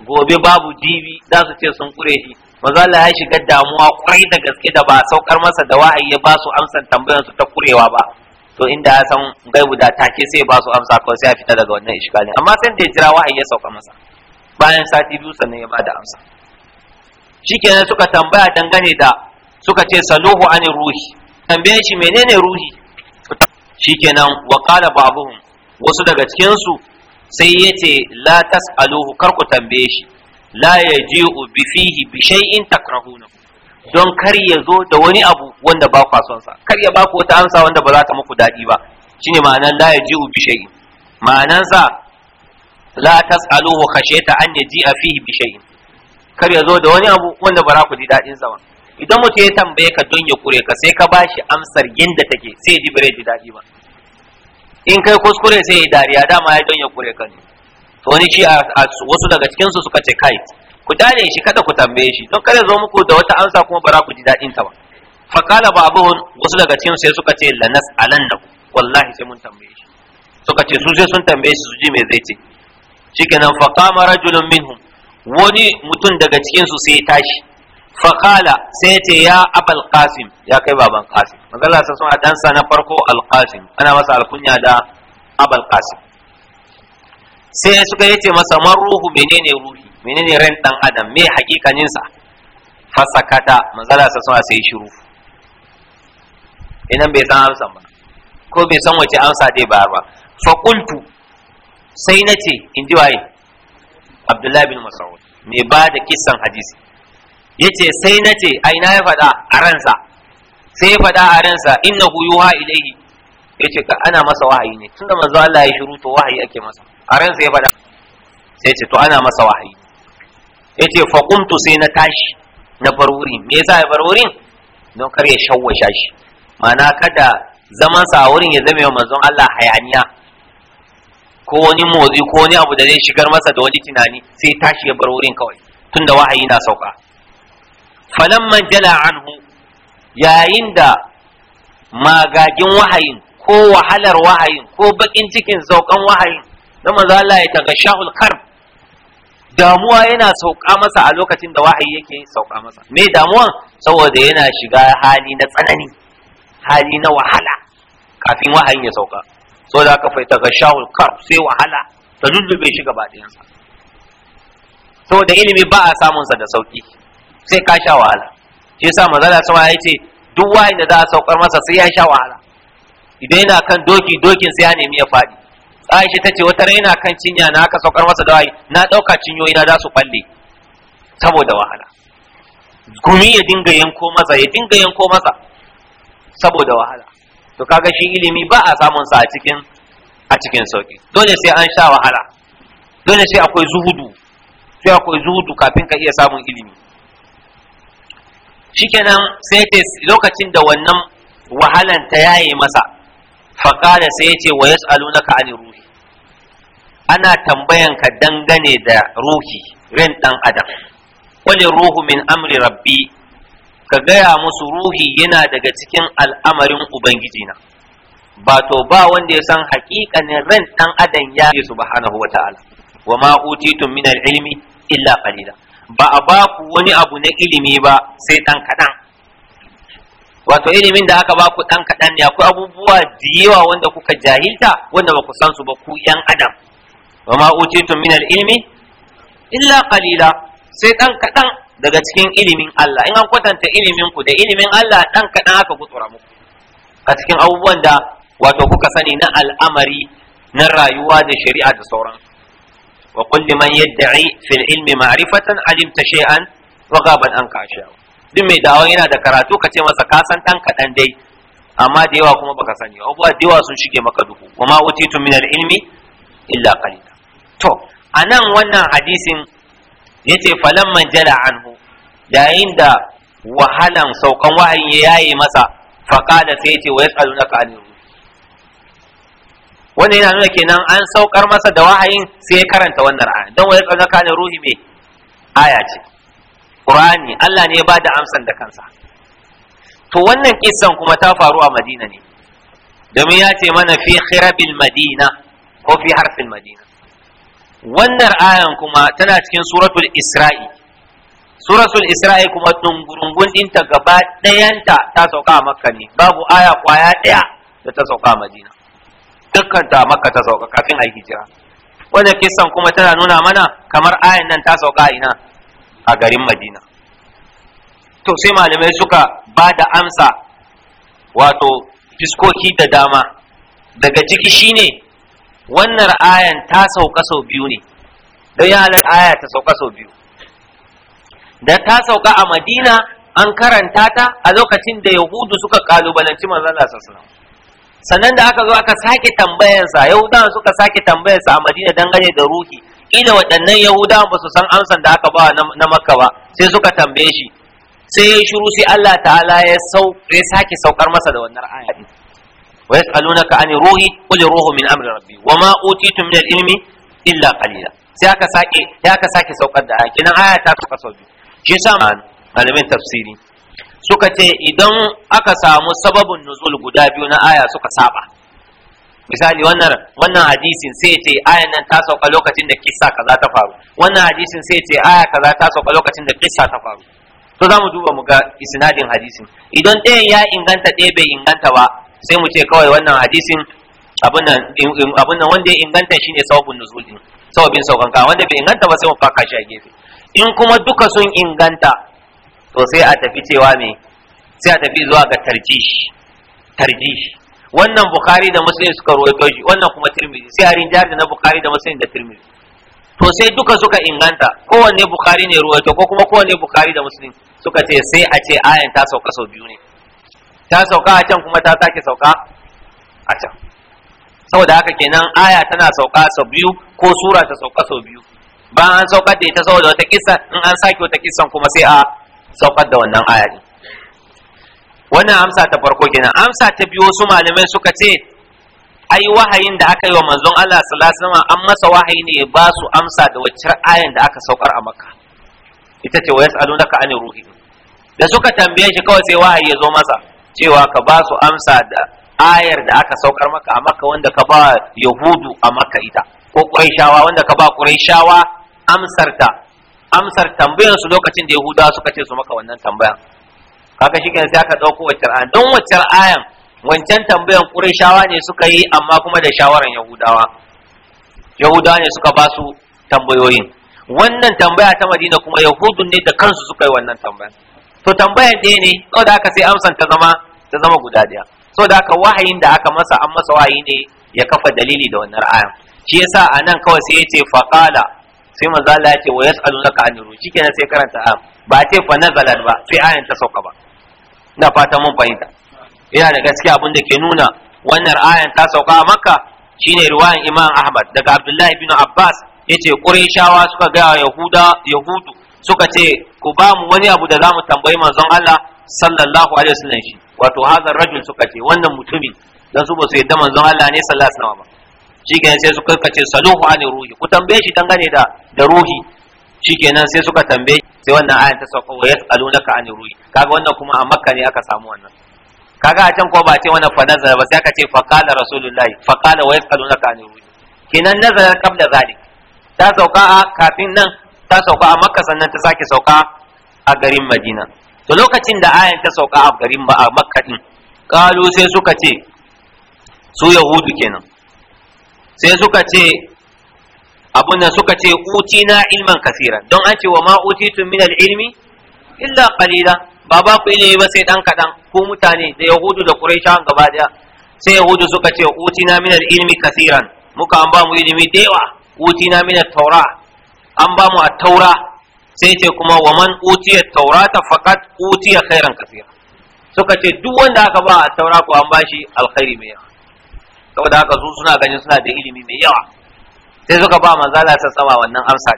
gobe babu jibi za su ce sun kure shi maza Allah ya shiga damuwa kwarai da gaske da ba a saukar masa da wa'ayi ya ba su amsar tambayar su ta ƙurewa ba to inda ya san gaibu da take sai ba su amsa kawai sai ya fita daga wannan iskalin amma sai da ya jira wa'ayi ya sauka masa bayan sati biyu sannan ya ba da amsa shikenan suka tambaya dangane da suka ce saluhu an ruhi tambaye shi menene ruhi shikenan wa qala babuhum wasu daga cikin su sai ya ce la tas'aluhu kar ku tambaye shi la yaji'u bi fihi bi shay'in takrahuna don kar ya zo da wani abu wanda ba ku son sa kar ya ba ku wata amsa wanda ba za ta muku dadi ba shine ma'anar la yaji'u bi shay'in ma'anar sa la tas'aluhu khashiyata an yaji'a fihi bi shay'in kar ya zo da wani abu wanda ba za ku ji dadin sa ba idan mutum ya tambaye ka don ya kure ka sai ka bashi amsar yadda take sai ji bare ji dadi ba in kai kuskure sai ya dariya dama ya don ya kure kan to wani shi a wasu daga cikin su suka ce kai ku dane shi kada ku tambaye shi don kada zo muku da wata amsa kuma bara ku ji dadin ta ba fa qala ba'dhum wasu daga cikin sai suka ce lanas alanna wallahi sai mun tambaye shi suka ce su sai sun tambaye shi su ji me zai ce shikenan fa qama rajulun minhum wani mutum daga cikin su sai ya tashi faƙala sai ce ya abal kasim ya kai baban kasim magana sa suna ɗansa na farko al ana masa alkunya da abal kasim sai suka yi ce masa man ruhu menene ruhi menene ran dan adam me hakikaninsa fasakata magana sa suna sai shiru idan bai san amsa ba ko bai san wace amsa dai ba ba fa qultu sai nace in ji waye abdullahi bin mas'ud me ba da kissan hadisi yace sai na ce a ina ya faɗa a ransa sai ya faɗa a ransa innahu yuha ilaihi yace ka ana masa wahayi ne tunda manzo Allah ya shiru to wahayi ake masa a ransa ya faɗa sai yace to ana masa wahayi yace fa qumtu sai na tashi na bar wurin me yasa ya bar wurin don kar ya shawwasha shi ma'ana kada zamansa a wurin ya zame wa manzon Allah hayaniya ko wani motsi ko wani abu da zai shigar masa da wani tunani sai tashi ya bar wurin kawai tunda wahayi na sauka falamman jala anhu yayin da magagin wahayin ko wahalar wahayin ko bakin cikin saukan wahayin na maza Allah ya tanga shahul kar damuwa yana sauka masa a lokacin da wahayi yake sauka masa me damuwan saboda yana shiga hali na tsanani hali na wahala kafin wahayin ya sauka so da aka faita ga shahul kar sai wahala ta lullube shi gaba ɗayansa saboda ilimi ba a samunsa da sauki sai ka sha wahala shi yasa manzala sama ya ce duk wani da za a saukar masa sai ya sha wahala idan yana kan doki dokin sai ya nemi ya faɗi Aisha ta ce wata rai yana kan cinya na aka saukar masa da na ɗauka cinyoyi na za su balle saboda wahala gumi ya dinga yanko masa ya dinga yanko masa saboda wahala to kaga shi ilimi ba a samun sa a cikin a cikin sauki dole sai an sha wahala dole sai akwai zuhudu sai akwai zuhudu kafin ka iya samun ilimi shikenan sai ta lokacin da wannan wahalan ta yaye masa Faƙada sai yace wa yas'alunaka ani ruhi ana tambayan ka dangane da ruhi ran ɗan adam qul ruhu min amri rabbi ka gaya musu ruhi yana daga cikin al'amarin ubangijina ba to ba wanda ya san haƙiƙanin ran ɗan adam ya yi subhanahu wataala wa ma utitum min al'ilmi ilmi illa qalila ba a ba ku wani abu na ilimi ba sai ɗan kaɗan wato ilimin da aka ba ku ɗan kaɗan ne akwai abubuwa da yawa wanda kuka jahilta wanda ba ku san su ba ku ‘yan adam Ba ma utitum min ilimi? illa kalila sai ɗan kaɗan daga cikin ilimin Allah in an kwatanta ilimin ku da ilimin Allah ɗan kaɗan aka gutsura muku a cikin abubuwan da wato kuka sani na al'amari na rayuwa da shari'a da sauransu وقل لمن يدعي في العلم معرفة علمت شيئا وغاب عنك أشياء duk mai dawo yana da karatu ka ce masa kasan ɗan kaɗan dai amma da yawa kuma baka sani abubuwa da yawa sun shige maka duhu wa ma utitu min ilmi illa qalila to anan wannan hadisin yace falamman jala anhu yayin da wahalan saukan wahayi ya yaye masa faqala sai yace wa yasalunaka anil Wannan yana nuna kenan an saukar masa da wahayin sai ya karanta wannan aya don wani tsanaka ne ruhi mai aya ce qur'ani Allah ne ya ba da amsan da kansa to wannan kissan kuma ta faru a Madina ne domin ya ce mana fi khirabil madina ko fi harfin madina wannan ayan kuma tana cikin suratul isra'i suratul isra'i kuma dungurungun ɗinta gaba ɗayanta ta sauka a makka ne babu aya kwaya ɗaya da ta sauka a madina dukkanta makka ta sauka kafin a hijira wannan kisan kuma tana nuna mana kamar ayan nan ta sauka ina a garin madina to sai malamai suka ba da amsa wato fiskoki da dama daga ciki shine wannan ayan ta sauka sau biyu ne don ya halar aya ta sauka sau biyu da ta sauka a madina an karanta ta a lokacin da yahudu suka kalubalanci manzon Allah sallallahu alaihi wasallam sannan da aka zo aka sake tambayansa Yahudawa suka sake tambayansa a madina dangane da ruhi Ina waɗannan Yahudawa ba su san amsan da aka ba na makka ba sai suka tambaye shi sai ya shiru sai Allah ta'ala ya sau ya sake saukar masa da wannan aya din wa yas'alunaka ani ruhi qul ruhu min amri rabbi wa ma min al-ilmi illa qalila sai aka sake ya aka sake saukar da aya kenan aya ta suka sau biyu shi yasa malamin tafsiri suka ce idan aka samu sababin nuzul guda biyu na aya suka saba misali wannan wannan hadisin sai ce ayan nan ta sauka lokacin da kissa kaza ta faru wannan hadisin sai ce aya kaza ta sauka lokacin da kissa ta faru to zamu duba mu ga isnadin hadisin idan ɗayan ya inganta ɗaya bai inganta ba sai mu ce kawai wannan hadisin abin nan abin nan wanda ya inganta shine sababin nuzul din sababin saukan ka wanda bai inganta ba sai mu faka shi a gefe in kuma duka sun inganta to sai a tafi cewa ne sai a tafi zuwa ga tarjish tarjish wannan bukhari da muslim suka rawaito shi wannan kuma tirmidhi sai arin rinjar da na bukhari da muslim da tirmidhi to sai duka suka inganta kowanne bukhari ne rawaito ko kuma kowanne bukhari da muslim suka ce sai a ce ayan ta sauka sau biyu ne ta sauka a can kuma ta sake sauka a can saboda haka kenan aya tana sauka sau biyu ko sura ta sauka sau biyu bayan an sauka da ita saboda wata kissa in an sake wata kissan kuma sai a saukar da wannan ayari. wannan amsa ta farko kenan amsa ta biyu wasu malamai suka ce ai wahayin da aka yi wa manzon Allah sallallahu alaihi wasallam an masa wahayi ne ba su amsa da waccar ayan da aka saukar a Makka ita ce wa yasalunaka an ruhi da suka tambaye shi kawai sai wahayi ya zo masa cewa ka ba su amsa da ayar da aka saukar maka a Makka wanda ka ba Yahudu a Makka ita ko kuraishawa wanda ka ba kuraishawa amsarta amsar tambayan su lokacin da yahudawa suka ce su maka wannan tambayan kaga shi sai aka ɗauko waccar ayan don waccar ayan wancan tambayan Qurayshawa ne suka yi amma kuma da shawaran yahudawa yahudawa ne suka ba su tambayoyin wannan tambaya ta madina kuma yahudun ne da kansu suka yi wannan tambaya to tambayan ɗaya ne saboda haka sai amsan ta zama ta zama guda daya saboda haka wahayin da aka masa an masa wahayi ne ya kafa dalili da wannan ayan shi yasa anan kawai sai ya ce faqala sai manzo Allah ya ce wa yas'alunaka anir ruh shikenan sai karanta am ba ce fa nazalat ba sai ayan ta sauka ba ina fata mun fahimta yana da gaskiya abin da ke nuna wannan ayan ta sauka a Makka shine riwayan Imam Ahmad daga Abdullahi bin Abbas yace Qurayshawa suka ga Yahuda Yahudu suka ce ku ba mu wani abu da za mu tambayi manzon Allah sallallahu alaihi wasallam shi wato hazar rajul suka ce wannan mutumin dan su ba su yadda manzon Allah ne sallallahu alaihi wasallam ba shikenan sai suka kace saluhu ani ruhi ku tambaye shi dangane da da ruhi shikenan sai suka tambaye sai wannan ayan ta sauka wa yasalunaka ani ruhi kaga wannan kuma a makka ne aka samu wannan kaga a can ko ba ce wannan fa nazara ba sai aka ce fa qala rasulullahi fa qala wa yasalunaka ani ruhi kenan nazara qabla zalik ta sauka a kafin nan ta sauka a makka sannan ta sake sauka a garin madina to lokacin da ayan ta sauka a garin ba a makka din kalu sai suka ce su yahudu kenan sai suka ce abun suka ce utina ilman kasira, don an ce wa ma utitum min ilmi illa qalila ba ba ku ilimi ba sai dan kadan ku mutane da yahudu da quraishawan gaba daya sai yahudu suka ce utina min ilmi kasiran muka an ba mu ilimi da yawa utina min taura an ba mu at-taura sai ce kuma wa man utiya at-taurata faqad utiya khairan kasira suka ce duk wanda aka ba at-taura ko an bashi alkhairi mai yawa saboda haka su suna ganin suna da ilimi mai yawa sai suka ba manzo Allah sama wannan amsa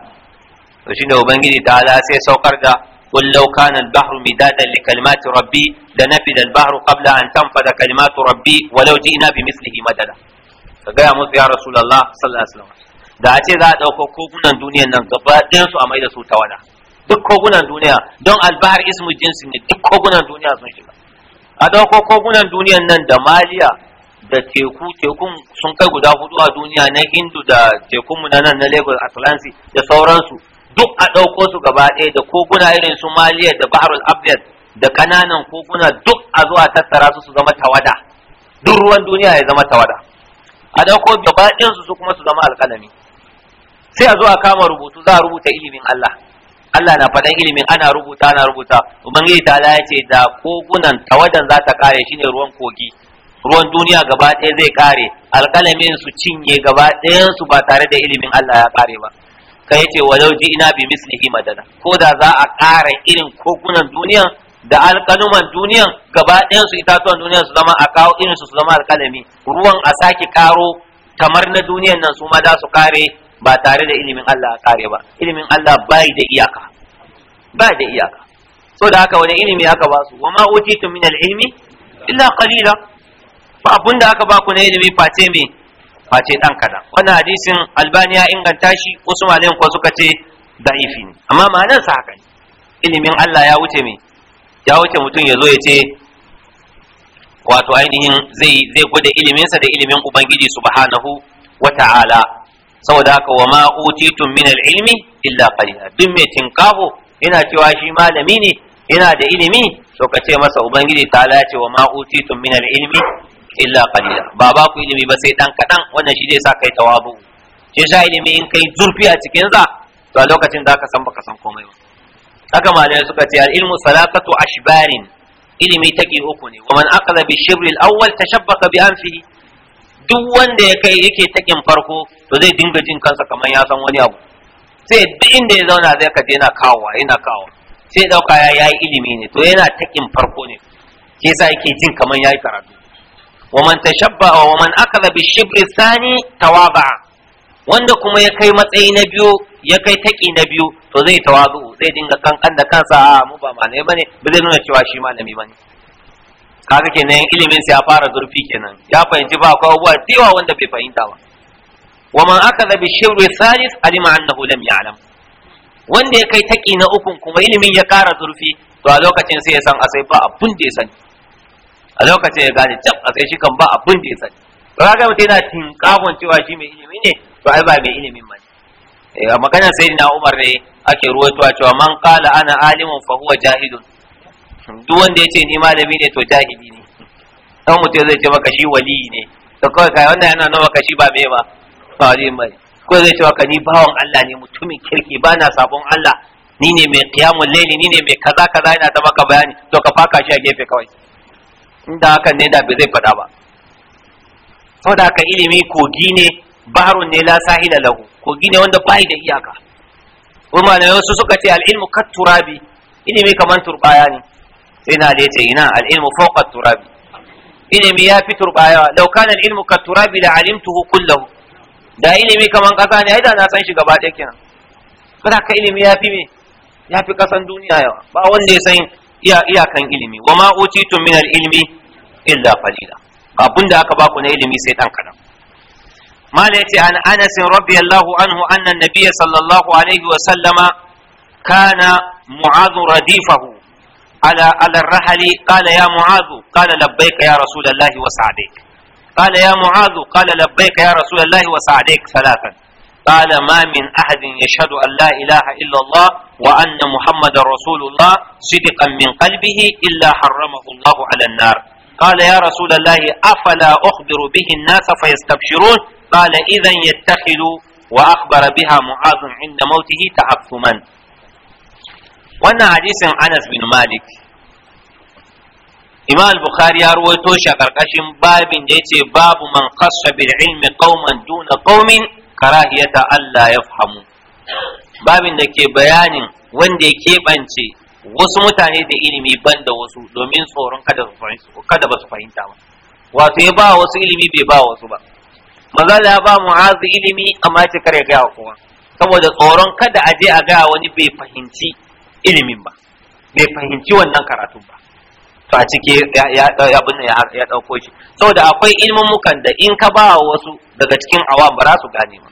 to shine ubangiji ta Ala sai saukar da قل لو كان البحر مدادا لكلمات ربي لنفد البحر قبل أن تنفذ كلمات ربي ولو جئنا بمثله مددا فقال موسى يا رسول الله صلى الله عليه وسلم da a ce za a ɗauko kogunan duniyan nan gaba su a maida su tawada duk kogunan duniya don albahar ismu jinsi ne duk kogunan duniya sun shiga a ɗauko kogunan duniyan nan da maliya da teku tekun sun kai guda hudu a duniya na hindu da tekunmu na nan na lagos atlansi da sauransu duk a ɗauko su gaba ɗaya da koguna irin su maliya da baharul abdul da kananan koguna duk a zuwa tattara su su zama tawada duk ruwan duniya ya zama tawada a ɗauko gaba ɗinsu su kuma su zama alƙalami sai a zo a kama rubutu za a rubuta ilimin Allah Allah na faɗan ilimin ana rubuta ana rubuta ubangiji ta ya ce da kogunan tawadan za ta kare shine ruwan kogi ruwan duniya gaba ɗaya zai kare alƙalamin su cinye gaba ɗayan su ba tare da ilimin Allah ya kare ba kai yace walau ji ina bi mislihi madada ko da za a kare irin kogunan duniya da alƙaluman duniyan gaba ɗayan su itatuwan duniyan su zama a kawo irin su su zama alƙalami ruwan a sake karo kamar na duniyan nan su ma za su kare ba tare da ilimin Allah ya kare ba ilimin Allah bai da iyaka bai da iyaka so da haka wani ilimi aka ba su wa ma utitu min al-ilmi illa qalila ba abun da aka baku na ilimi face me face dan kadan wannan hadisin albani ya inganta shi wasu malayan ko suka ce da'ifi ne amma ma'anar sa haka ne ilimin Allah ya wuce me ya wuce mutum ya zo ya ce wato ainihin zai zai gwada iliminsa da ilimin ubangiji subhanahu wata'ala saboda haka wa ma utitum min al-ilmi illa qalila duk mai tinkaho yana cewa shi malami ne ina da ilimi to ka ce masa ubangiji ta ce wa ma utitum min al-ilmi illa qalila ba ba ku ilimi ba sai dan kadan wannan shi ne sa kai tawabu shi sa ilimi in kai zurfi a cikin sa to a lokacin zaka san baka san komai ba haka malamai suka ce al-ilmu salaqatu ashbarin ilimi take uku ne wa man aqala bi shibr al-awwal tashabbaka bi anfihi duk wanda ya kai yake takin farko to zai dinga jin kansa kamar ya san wani abu sai duk inda ya zauna zai ka je yana kawo yana kawo sai dauka ya yi ilimi ne to yana takin farko ne shi sa yake jin kamar yayi karatu Waman ta tashabbaha waman aka akala shibri sani tawaba wanda kuma ya kai matsayi na biyu ya kai taki na biyu to zai tawazu zai dinga kankan da kansa a mu ba malami bane ba zai nuna cewa shi ka bane kaga kenan ilimin sai ya fara zurfi kenan ya fahimci ba akwai abubuwa da wanda bai fahimta ba wa man akala bi shibri salis alima annahu lam ya'lam wanda ya kai taƙi na ukun kuma ilimin ya kara zurfi to a lokacin sai ya san asai ba abun da ya sani a lokacin ya gane can a sai shi kan ba abin da ya sani raga mutum yana tinkagon cewa shi mai ilimi ne to ai ba mai ilimin ba ne eh, magana sai na umar ne ake ruwaitowa cewa man qala ana alimun fa huwa jahilun duk wanda ya ce ni malami ne to jahili ne dan mutum zai ce maka shi wali ne to kawai kai wannan yana nawa kashi ba me ba ba mai ko zai ce maka ni bawan Allah ne mutumin kirki ba na sabon Allah ni ne mai qiyamul layli ni ne mai kaza kaza yana ta maka bayani to ka faka shi a gefe kawai inda hakan ne da bai zai faɗa ba saboda haka ilimi kogi ne baharun ne la sahila lahu kogi ne wanda bai da iyaka kuma ne wasu suka ce al-ilmu kat turabi ilimi kaman turbaya ne sai na da yace ina al-ilmu fawqa turabi ilimi ya fi turbaya law kana al-ilmu kat turabi la alimtuhu kullahu da ilimi kaman kasa ne ai na san shi gaba ɗaya kenan saboda haka ilimi ya fi me ya fi kasan duniya yawa ba wanda ya san iyakan ilimi wa ma utitum min al-ilmi illa falila kafin da aka baku na ilimi sai dan kadan mala yace an anas radiyallahu anhu anna nabiyya sallallahu alaihi wa sallama kana muadhu radifahu ala ala rahali qala ya muadhu qala labbaik ya rasulullahi wa sa'dik qala ya muadhu qala labbaik ya rasulullahi wa sa'dik salatan قال ما من أحد يشهد أن لا إله إلا الله وأن محمد رسول الله صدقا من قلبه إلا حرمه الله على النار قال يا رسول الله أفلا أخبر به الناس فيستبشرون قال إذا يتخذ وأخبر بها معاذ عند موته تعثما وانا حديث أنس بن مالك إمام البخاري يروي توشا كركشم باب ديتي باب من قص بالعلم قوما دون قوم كراهية ألا يفهموا باب دكي بيان وين دي كيبانتي wasu mutane da ilimi ban da wasu domin tsoron kada su ba su fahimta ba wato ya ba wasu ilimi bai ba wasu ba maza ya ba mu'azu ilimi amma ce kare ga kowa saboda tsoron kada a je a gaya wani bai fahimci ilimin ba bai fahimci wannan karatun ba to a ciki ya binne ya dauko shi saboda akwai ilmummukan mukan da in ka ba wasu daga cikin awa ba za su gane ba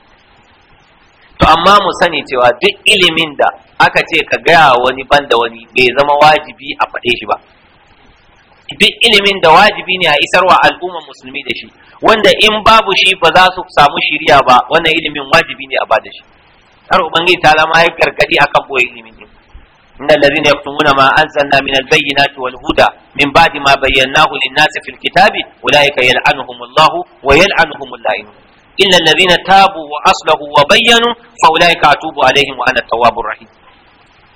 to amma mu sani cewa duk ilimin da aka ce ka gaya wani ban da wani bai zama wajibi a faɗe shi ba duk ilimin da wajibi ne a isarwa al'ummar musulmi da shi wanda in babu shi ba za su samu shiriya ba wannan ilimin wajibi ne a ba da shi har ubangiji ta lama ya gargadi akan boye ilimin din inna allazina yaktumuna ma anzalna min albayyinati wal huda min ba'di ma bayyanahu lin-nasi fil kitabi ulaika yal'anuhumullahu wa yal'anuhumul la'inun illa allazina tabu wa aslahu wa bayyanu fa ulaika atubu alaihim wa ana at-tawwabur rahim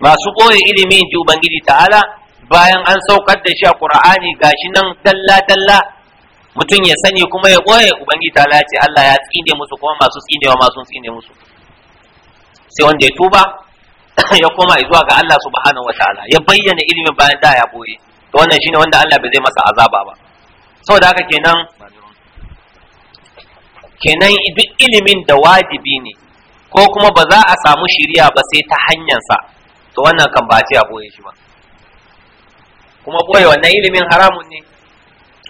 masu ɓoye ilimi ji ubangiji ta'ala bayan an saukar da shi a qur'ani gashi nan dalla dalla mutum ya sani kuma ya ɓoye ubangiji ta'ala ya ce Allah ya tsine musu kuma masu tsinewa wa masu tsine musu sai wanda ya tuba ya koma zuwa ga Allah subhanahu wataala ya bayyana ilimin bayan da ya ɓoye to wannan shine wanda Allah bai zai masa azaba ba saboda haka kenan kenan duk ilimin da wajibi ne ko kuma ba za a samu shiriya ba sai ta hanyarsa to wannan kan ba ce a boye shi ba kuma boye wannan ilimin haramun ne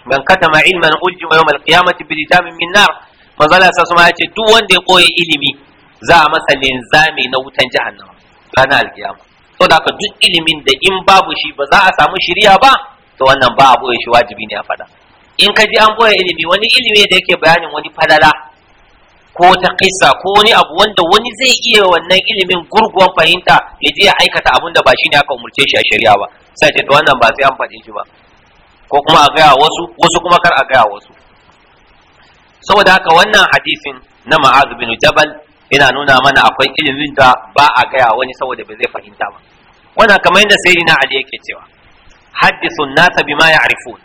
Ban kata ma ilman wa yawmal qiyamati bi litamin min nar manzala sa suma yace duk wanda ya boye ilimi za a masa linzami na wutan jahannama ranar alkiyama to da duk ilimin da in babu shi ba za a samu shiriya ba to wannan ba a boye shi wajibi ne a fada in ka ji an boye ilimi wani ilimi da yake bayanin wani falala ko ta kissa ko wani abu wanda wani zai iya wannan ilimin gurguwan fahimta ya je ya aikata abin da ba shi ne aka umurce shi a shari'a ba sai ce wannan ba sai an faɗe shi ba ko kuma a gaya wasu wasu kuma kar a gaya wasu saboda haka wannan hadisin na ma'az bin jabal yana nuna mana akwai ilimin da ba a gaya wani saboda ba zai fahimta ba wannan kamar yadda sayyidina ali yake cewa hadithun nasa bima ya'rifun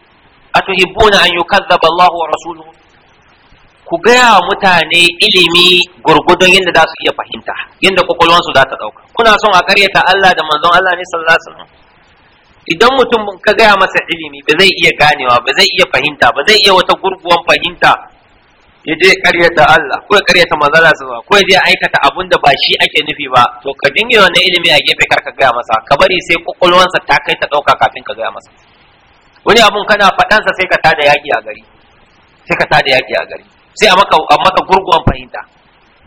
atuhibbuna an yukazzaba Allahu wa rasuluhu ku gaya wa mutane ilimi gurgudun yadda za su iya fahimta yadda kwakwalwansu za ta ɗauka kuna son a karyata Allah da manzon Allah ne sallallahu alaihi wasallam idan mutum ka gaya masa ilimi ba zai iya ganewa ba zai iya fahimta ba zai iya wata gurguwan fahimta ya je karyata Allah ko ya karyata manzala su ko ya je aikata abun da ba shi ake nufi ba to ka dinga wannan ilimi a gefe kar ka gaya masa ka bari sai kwakwalwansa ta kai ta ɗauka kafin ka gaya masa wani abun kana faɗansa sai ka tada yaƙi a gari sai ka tada yaƙi a gari sai a maka a maka gurguwan fahimta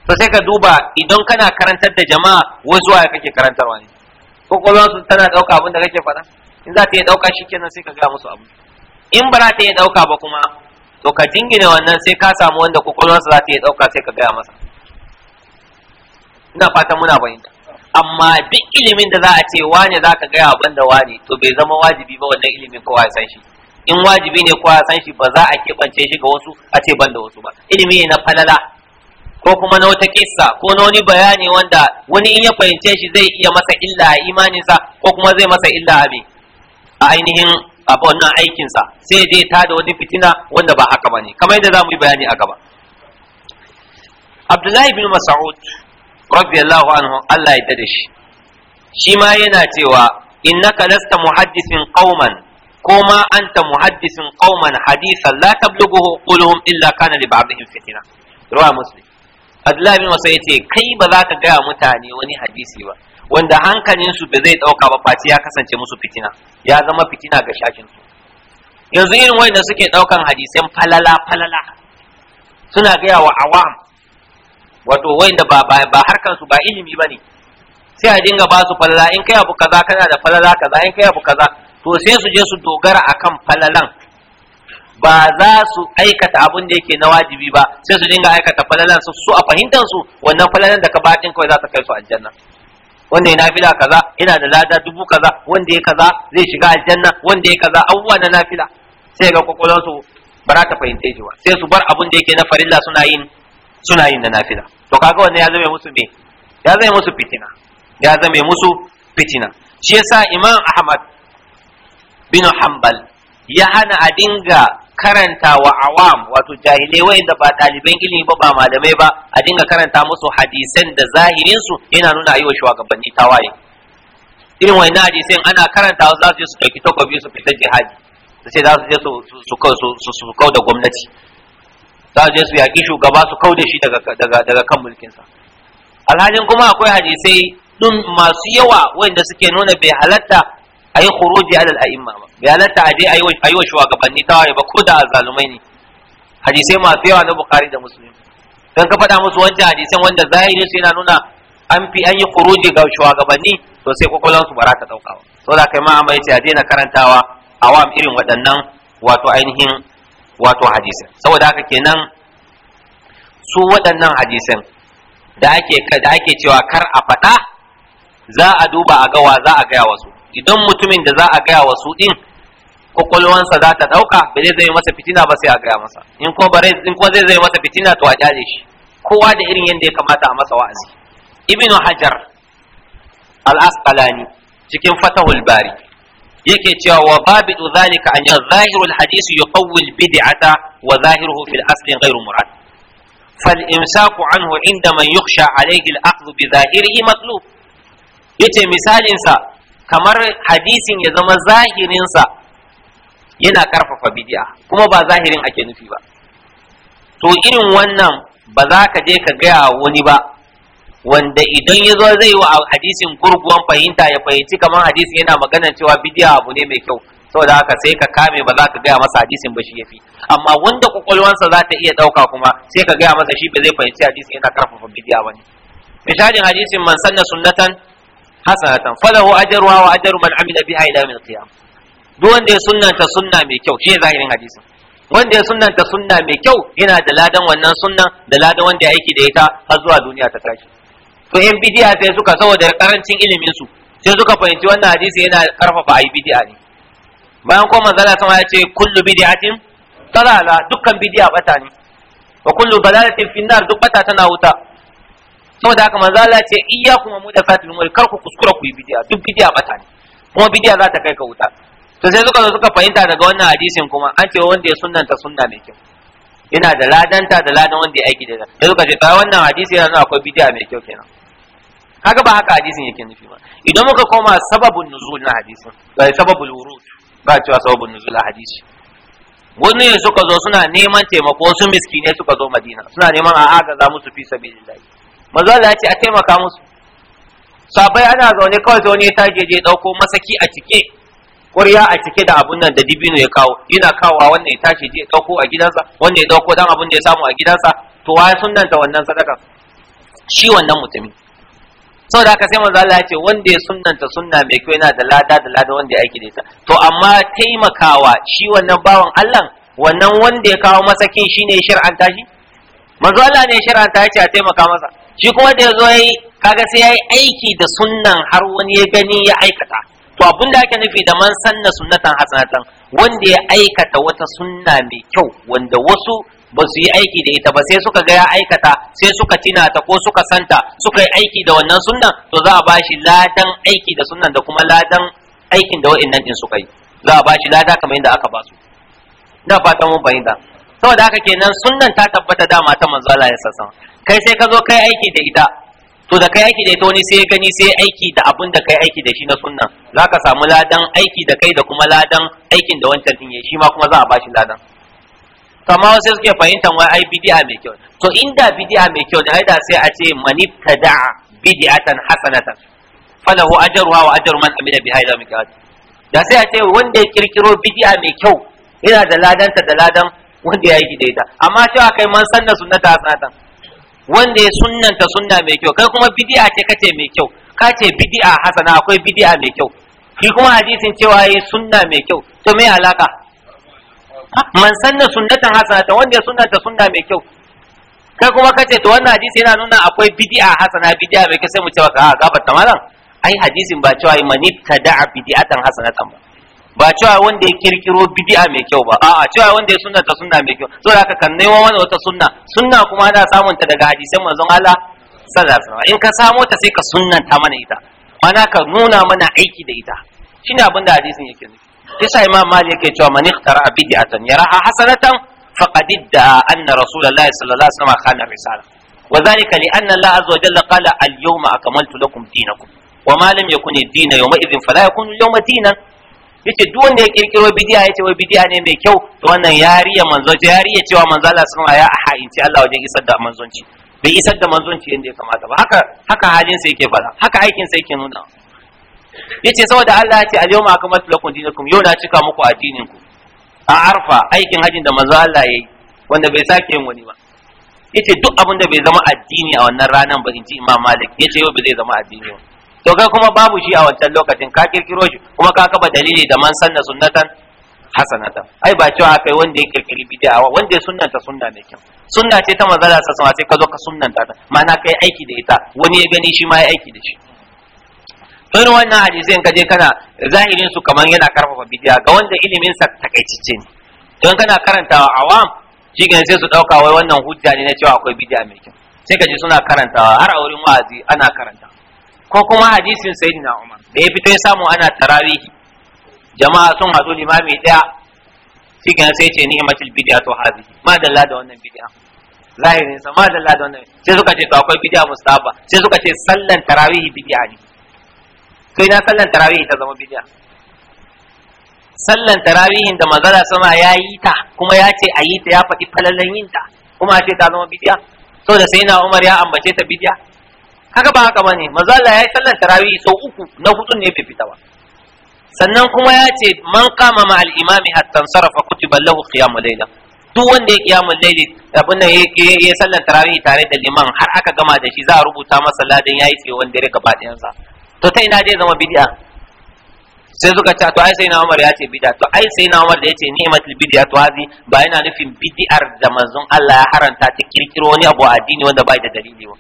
to sai ka duba idan kana karantar da jama'a wai zuwa kake karantarwa ne kokolwan su tana dauka abin da kake faɗa in za ta yi dauka kenan sai ka ga musu abu in ba za ta yi dauka ba kuma to ka jingina wannan sai ka samu wanda kokolwan su za ta yi dauka sai ka gaya masa ina fatan muna fahimta amma duk ilimin da za a ce wane za ka gaya abin da wane to bai zama wajibi ba wannan ilimin kowa ya san shi in wajibi ne kowa san shi ba za a kebance shi ga wasu a ce ban da wasu ba ilimi ne na falala ko kuma na wata kissa ko na wani bayani wanda wani in ya fahimce shi zai iya masa illa a imaninsa ko kuma zai masa illa a a ainihin abu wannan aikinsa sai dai ta da wani fitina wanda ba haka ne, kamar yadda za mu yi bayani a gaba Abdullahi bin Mas'ud radiyallahu anhu Allah ya da shi shi ma yana cewa innaka lasta muhaddisin qauman ko ma anta muhaddisin qauman hadisan la tablughu qulhum illa kana li ba'dihim fitina ruwa muslim adla bin Wasa yace kai ba za ka gaya mutane wani hadisi ba wanda su ba zai dauka ba face ya kasance musu fitina ya zama fitina ga shakin su yanzu irin wanda suke daukan hadisan falala falala suna gaya wa awam wato wanda ba ba harkan su ba ilimi bane sai a dinga ba su falala in kai abu kaza kana da falala kaza in kai abu kaza to sai su je su dogara akan falalan ba za su aikata abin da yake na wajibi ba sai su dinga aikata falalan su su a fahimtar su wannan falalan da ka batin kawai za ta kai su aljanna wanda ya nafila kaza ina da lada dubu kaza wanda ya kaza zai shiga aljanna wanda ya kaza abubuwa na nafila sai ga kwakwalwar su ba za ta fahimta shi ba sai su bar abin da yake na farilla suna yin suna yin na nafila to kaga wannan ya zame musu me ya zame musu fitina ya zame musu fitina shi yasa imam ahmad bin Hambal ya hana a dinga karanta wa awam wato jahilai wayanda ba ɗaliban ilimi ba ba malamai ba a dinga karanta musu hadisan da zahirinsu yana nuna ayyuka shugabanni tawaye irin wani hadisan ana karanta za su je su ɗauki su fita jihadi su ce za su je su kau da gwamnati za su je su yaƙi shugaba su kau da shi daga kan mulkinsa alhalin kuma akwai hadisai ɗin masu yawa wanda suke nuna bai halatta ayi khuruji alal a'imma ba bai halatta aje ayi ayi wa shugabanni tawaye ba ko da azalumai ne hadisai masu yawa na bukhari da musulmi. dan ka faɗa musu wancan hadisan wanda zahirin su yana nuna an fi an yi khuruji ga shugabanni to sai kokolan su baraka ta dauka ba da kai ma amma yace a na karantawa awam irin waɗannan wato ainihin wato hadisan saboda haka kenan su waɗannan hadisan da ake cewa kar a faɗa za a duba a gawa za a gaya wasu idan mutumin da za a gaya wasu din kwakwalwansa za ta dauka ba zai zai masa fitina ba sai a gaya masa in ko bare in ko zai zai masa fitina to a kyale shi kowa da irin yadda ya kamata a masa wa'azi ibnu hajar al-asqalani cikin fatahul bari yake cewa wa babidu zalika an ya zahirul hadisi yuqawwil bid'ata wa zahiruhu fil asli ghairu murad فالإمساك عنه عندما يخشى عليه bi zahirihi مطلوب yace misalinsa kamar hadisin ya zama zahirinsa yana karfafa bid'a kuma ba zahirin ake nufi ba to irin wannan ba za ka je ka gaya wani ba wanda idan yazo zai yi wa hadisin gurguwan fahimta ya fahimci kamar hadisin yana magana cewa bidiya abu ne mai kyau saboda haka sai ka kame ba za ka gaya masa hadisin ba shi yafi amma wanda kwakwalwansa za ta iya ɗauka kuma sai ka gaya masa shi ba zai fahimci hadisin yana karfafa bidiya ba ne misalin hadisin man sanna sunnatan hasanatan falahu ajruha wa ajru man amila biha ila yawmil qiyam duk wanda ya sunnanta sunna mai kyau shi zahirin hadisin wanda ya sunnanta sunna mai kyau yana da ladan wannan sunnan da ladan wanda ya aiki da ita har zuwa duniya ta tashi to yan bidiya sai suka saboda karancin ilimin su sai suka fahimci wannan hadisi yana karfafa ayi bidiya ne bayan kuma manzala sama ya ce kullu bid'atin dalala dukkan bidiya bata ne wa kullu dalalatin finnar duk bata tana wuta saboda haka manzo Allah ce da fatil mu kar ku kuskura ku yi bidiya duk bid'a bata ne kuma bidiya za ta kai ka wuta to sai suka zo suka fahimta daga wannan hadisin kuma an ce wanda ya ta sunna mai kyau yana da ladanta da ladan wanda ya aiki da ta sai suka ce ta wannan hadisi yana akwai bidiya mai kyau kenan kaga ba haka hadisin yake nufi ba idan muka koma sababun nuzul na hadisin ba eh, sababul wurud ba cewa sababun nuzul a hadisi wani ne suka zo suna neman taimako sun miskine suka zo madina suna neman a agaza musu fi sabilillahi manzo Allah ya ce a taimaka musu sabai ana zaune kawai zaune ta je je dauko masaki a cike ƙurya a cike da abun nan da dibino ya kawo yana kawowa wannan ya tashi je dauko a gidansa wannan ya dauko dan abun da ya samu a gidansa to waye sunanta wannan sadaka shi wannan mutumin saboda haka sai manzo Allah ya ce wanda ya sunnanta sunna mai kyau yana da lada da lada wanda ya aiki da ita to amma taimakawa shi wannan bawan Allah wannan wanda ya kawo masakin shine shir'an tashi shi manzo Allah ne ya shar'anta ya ce a taimaka masa shi kuma da zo yayi kaga sai yayi aiki da sunnan har wani ya gani ya aikata to abin da ake nufi da man sanna sunnatan hasanatan wanda ya aikata wata sunna mai kyau wanda wasu ba su yi aiki da ita ba sai suka ga ya aikata sai suka tina ta ko suka santa suka yi aiki da wannan sunnan to za a bashi ladan aiki da sunnan da kuma ladan aikin da wa'annan din suka yi za a bashi lada kamar yadda aka ba su ina fatan mun bayyana saboda haka kenan sunnan ta tabbata dama ta manzo Allah ya sassan kai sai ka zo kai aiki da ita to da kai aiki da ita wani sai ya gani sai aiki da abin da kai aiki da shi na sunnan ka samu ladan aiki da kai da kuma ladan aikin da wancan din yayi shi ma kuma za a bashi ladan amma wasu suke fahimtar wai ai bid'a mai kyau to inda bid'a mai kyau ne ai da sai a ce manibtada bid'atan hasanatan falahu ajruha wa ajru man amila biha ila mikat da sai a ce wanda ya kirkiro bid'a mai kyau yana da ladanta da ladan wanda ya yi da ita amma cewa kai man sanna sunnata hasanatan wanda ya sunnanta sunna mai kyau kai kuma bid'a ce kace mai kyau ka ce bid'a hasana akwai bid'a mai kyau shi kuma hadisin cewa yi sunna mai kyau to me alaka man sanna sunnatan hasanatan wanda ya sunnanta sunna mai kyau kai kuma kace to wannan hadisi yana nuna akwai bid'a hasana bid'a mai kyau sai mu cewa ka gafarta malam ai hadisin ba cewa man ibtada'a bid'atan hasanatan ba ba cewa wanda ya kirkiro bid'a mai kyau ba a'a cewa wanda ya sunna ta sunna mai kyau saboda haka kan nemo mana wata sunna sunna kuma ana samun ta daga hadisan manzon Allah sallallahu alaihi wasallam in ka samo ta sai ka sunnanta mana ita mana ka nuna mana aiki da ita shine abin da hadisin yake nufi yasa imam malik yake cewa man ikhtara bid'atan yaraha hasanatan faqad idda anna rasulullahi sallallahu alaihi wasallam khana risala wa dhalika li anna Allah azza wa jalla qala al yawma akmaltu lakum dinakum wa ma lam yakun ad-din yawma idhin fala yakun yawma dinan yace duk wanda ya kirkiro bid'a yace wai bid'a ne mai kyau to wannan yariya manzo ta yariya cewa manzo Allah sun aya a ha'inci Allah wajen isar da manzonci bai isar da manzonci inda ya kamata ba haka haka halin sa yake fara haka aikin sa yake nuna yace saboda Allah ya ce al-yawma akmaltu lakum dinakum yau na cika muku addinin ku a arfa aikin hajin da manzo Allah yayi wanda bai sake yin wani ba yace duk abin da bai zama addini a wannan ranan ba in ji Imam Malik yace yau bai zama addini ba to kai kuma babu shi a wancan lokacin ka kirkiro shi kuma ka kaba dalili da man sanna sunnatan hasanatan ai ba cewa kai wanda ya kirkiri bid'a wanda ya sunnanta sunna mai kyau sunna ce ta manzala sa sunna sai ka zo ka sunnanta ta ma'ana kai aiki da ita wani ya gani shi ma ya aiki da shi to irin wannan hadisi in ka je kana zahirin su kamar yana karfafa bid'a ga wanda ilimin sa takaitacce ne to in kana karantawa awam shi sai su dauka wai wannan hujja ne na cewa akwai bid'a mai kyau sai ka ji suna karantawa har a wurin wa'azi ana karanta ko kuma hadisin na Umar da ya fito ya samu ana tarawihi. jama'a sun hadu limami daya cikin sai ce ni'matul bid'a to hadi ma dalla da wannan bid'a zahirin sa ma dalla da wannan sai suka ce to akwai bid'a mustaba sai suka ce sallan tarawih bid'a ne kai na sallan tarawih ta zama bid'a sallan tarawihin da manzala sama ya yi ta kuma ya ce a yi ta ya faɗi falalan yin ta kuma ce ta zama bid'a saboda sai na Umar ya ambace ta bid'a haka ba haka bane manzo Allah ya yi sallar tarawih sau uku na hudun ne bai fita ba sannan kuma ya ce man kama ma al-imami hatta sarafa kutiba lahu qiyamul layla duk wanda ya qiyamul layli abin nan ya sallar tarawih tare da liman har aka gama da shi za a rubuta masa ladan yayi wanda dare gaba da yansa to ta ina dai zama bid'a sai suka ce to ai sai na Umar ya ce bid'a to ai sai na Umar da ce ni'matul bid'a to hazi ba yana nufin bid'ar da manzon Allah ya haranta ta kirkiro wani abu addini wanda bai da dalili ba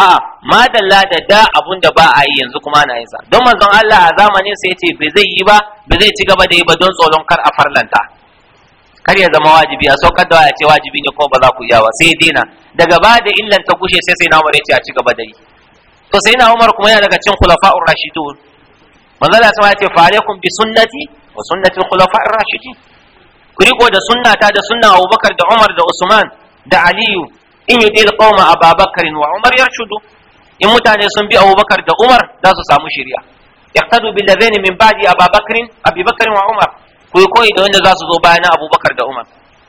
a'a madalla da da abun da ba a yi yanzu kuma na yin sa don manzon Allah a zamanin sa yace bai zai yi ba bai zai ci gaba da yi ba don tsoron kar a farlanta kar ya zama wajibi a saukar da ya ce wajibi ne kuma ba za ku yi ba sai dina daga ba da illan ta gushe sai sai na umar yace a ci gaba da yi to sai na umar kuma yana daga cikin khulafa'ur rashidun manzon Allah sai yace ce bi sunnati wa sunnati khulafa'ur rashidin ku riko da sunnata da sunna Abubakar da Umar da Usman da Aliyu in yuti qauma ababakar wa umar shudu. in mutane sun bi abubakar da umar za su samu shirya. yaqtadu bil zai min ba'di ababakar abubakar wa umar ku yi koyi da wanda za su zo bayan abubakar da umar